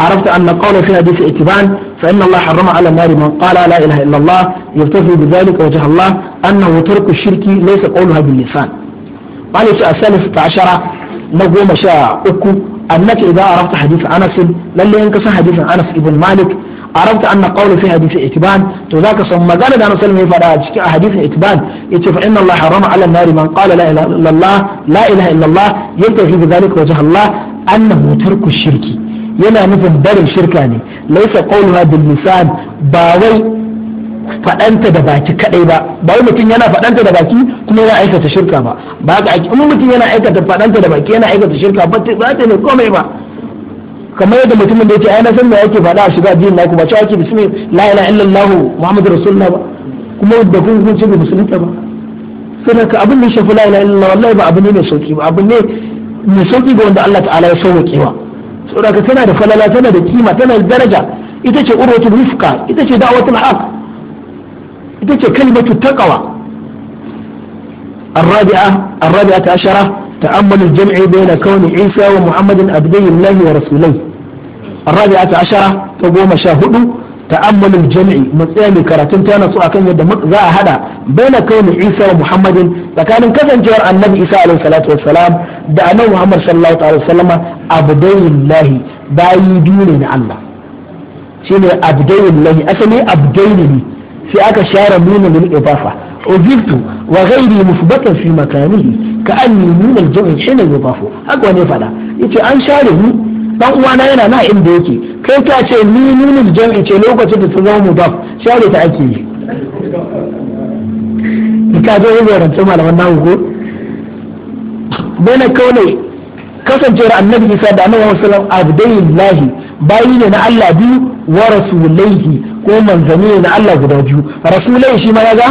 عرفت أن قول في حديث اتبان فإن الله حرم على النار من قال لا إله إلا الله يبتغي بذلك وجه الله أنه ترك الشرك ليس قولها باللسان قال الثالثة عشرة نقوم شاء أكو أنك إذا عرفت حديث أنس للي ينكسر حديث أنس ابن مالك arabta ana qawlu fi hadith itban to zaka san magana da Annabi ya faɗa cikin hadith itban yace fa inna Allah harama ala nari man qala la ilaha illallah la ilaha illallah yantafi bi dhalika shirki yana nufin barin shirka ne laisa qawluha bil lisan ba wai da baki kadai ba ba wai mutum yana fadanta da baki kuma yana aikata shirka ba ba ka in mutum yana aikata fadanta da baki yana aikata shirka ba ta ne komai ba kamar yadda mutumin da yake ai na san me yake faɗa a shiga addinin naku ba cewa yake bismillah la ilaha illallah muhammadur rasulullah ba kuma da kun kun ce musulunta ba sai ka abin da shafi la ilaha illallah wallahi ba abu ne mai sauki ba abu ne mai sauki ga wanda Allah ta'ala ya sauke wa saboda ka tana da falala tana da kima tana da daraja ita ce urwatul rifqa ita ce da'watul haq ita ce kalimatu taqwa الرابعة الرابعة عشرة تأمل الجمع بين كون عيسى ومحمد عبدي الله ورسوله الرابعة عشرة تقوم شاهد تأمل الجمع متأمل كراتين تانا سوء كان يد ذا هذا بين كون عيسى ومحمد فكان كذا جوار النبي عيسى عليه الصلاة والسلام دعنا محمد صلى الله عليه وسلم عبدي الله باي دين الله شنو عبدي الله أسمي عبدي لي في أكا شارع من للإضافة أجبت وغيري مثبتا في مكانه كأني من الجمع حين يضاف أقوى نفلا يتي أن شارع dan uwana yana na inda yake kai ka ce ni nunin jam'i ce lokacin da ta zama mudaf share ta ake yi ka zo yin rantsu malaman bai ko bayan kasance kasancewar annabi isa da annabi sallam abdaillahi bayi ne na Allah biyu wa rasulaihi ko manzanni ne na Allah guda biyu rasulai shi ma ga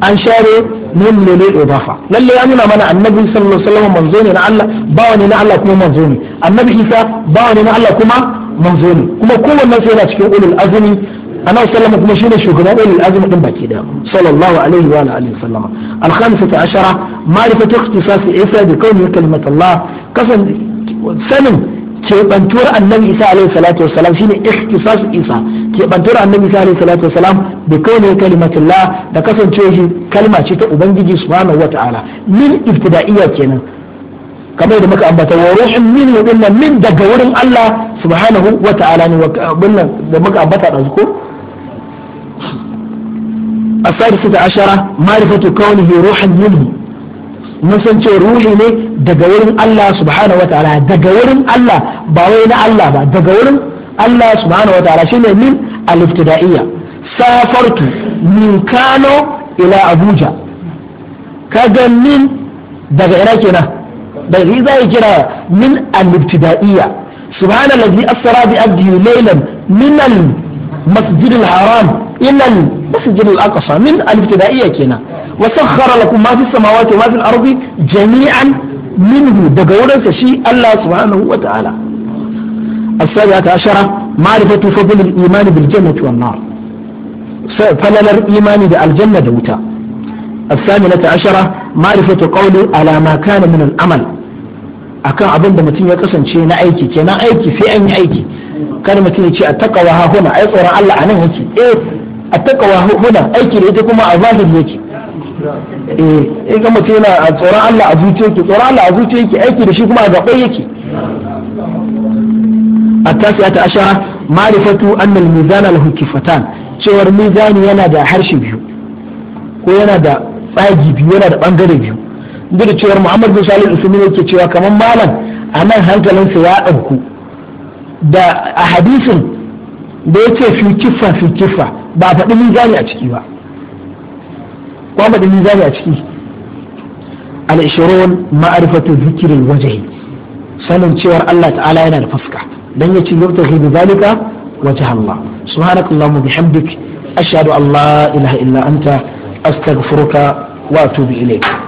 an share mun ne ne idafa lalle ya nuna mana annabi sallallahu alaihi wasallam manzo ne na Allah bawa ne na Allah kuma manzo ne annabi Isa bawa ne na Allah kuma manzo ne kuma kowanne sai yana cikin ulul azmi annabi sallallahu kuma shine shugaban ulul azmi din baki da sallallahu alaihi wa alihi wasallama al-khamisata ashara ma'rifatu ikhtisas Isa bi kawni kalimat Allah kasan sanin keɓantuwar annabi isa alaihi salatu wassalam shine ikhtisas isa keɓantuwar annabi isa alaihi salatu wassalam da kaune kalimatullah da kasancewa shi kalma ce ta ubangiji subhanahu wataala min ibtida'iyya kenan kamar da muka ambata wa ruhun min wa min daga wurin Allah subhanahu wataala ne da muka ambata da ko السادسة عشرة معرفة كونه روحا منه mun san cewa ruhi ne daga wurin Allah subhanahu wa ta'ala daga wurin Allah ba wai na Allah ba daga wurin Allah subhanahu wa ta'ala shine min al-ibtida'iyya safartu min Kano ila Abuja kaga min daga ina kenan da yi zai kira min al-ibtida'iyya subhanallazi asra bi abdihi laylan min al مسجد الحرام إلى المسجد الأقصى من الابتدائية كنا وسخر لكم ما في السماوات وما في الأرض جميعا منه دقورة شيء الله سبحانه وتعالى السابعة عشرة معرفة فضل الإيمان بالجنة والنار فلل الإيمان بالجنة دوتا الثامنة عشرة معرفة قولي على ما كان من الأمل akan abin da mutum ya kasance na aiki kenan aiki sai an yi aiki kada mutum ya ce a takawa hahuna ai tsoron Allah anan yake eh a takawa hahuna aiki da ita kuma a zahiri yake eh in ga mutum yana a tsoron Allah a zuciya yake tsoron Allah a zuciya yake aiki da shi kuma a gaban yake التاسعة marifatu معرفة أن الميزان له كفتان cewar mizani yana da harshe biyu ko yana da tsagi biyu yana da bangare biyu duk da cewar Muhammad bin Salih Usman yake cewa kamar malam a nan hankalinsa ya ɗauku da a hadisin da ya ce fi kiffa fi ba a faɗi mizani a ciki ba kwa faɗi mizani a ciki al-ishirun ma'arifatu zikirin wajahi sanin cewar Allah ta'ala yana da fuska dan yace yubtaghi bi zalika wajah Allah subhanakallahumma bihamdik ashhadu an la ilaha illa anta astaghfiruka wa atubu ilayk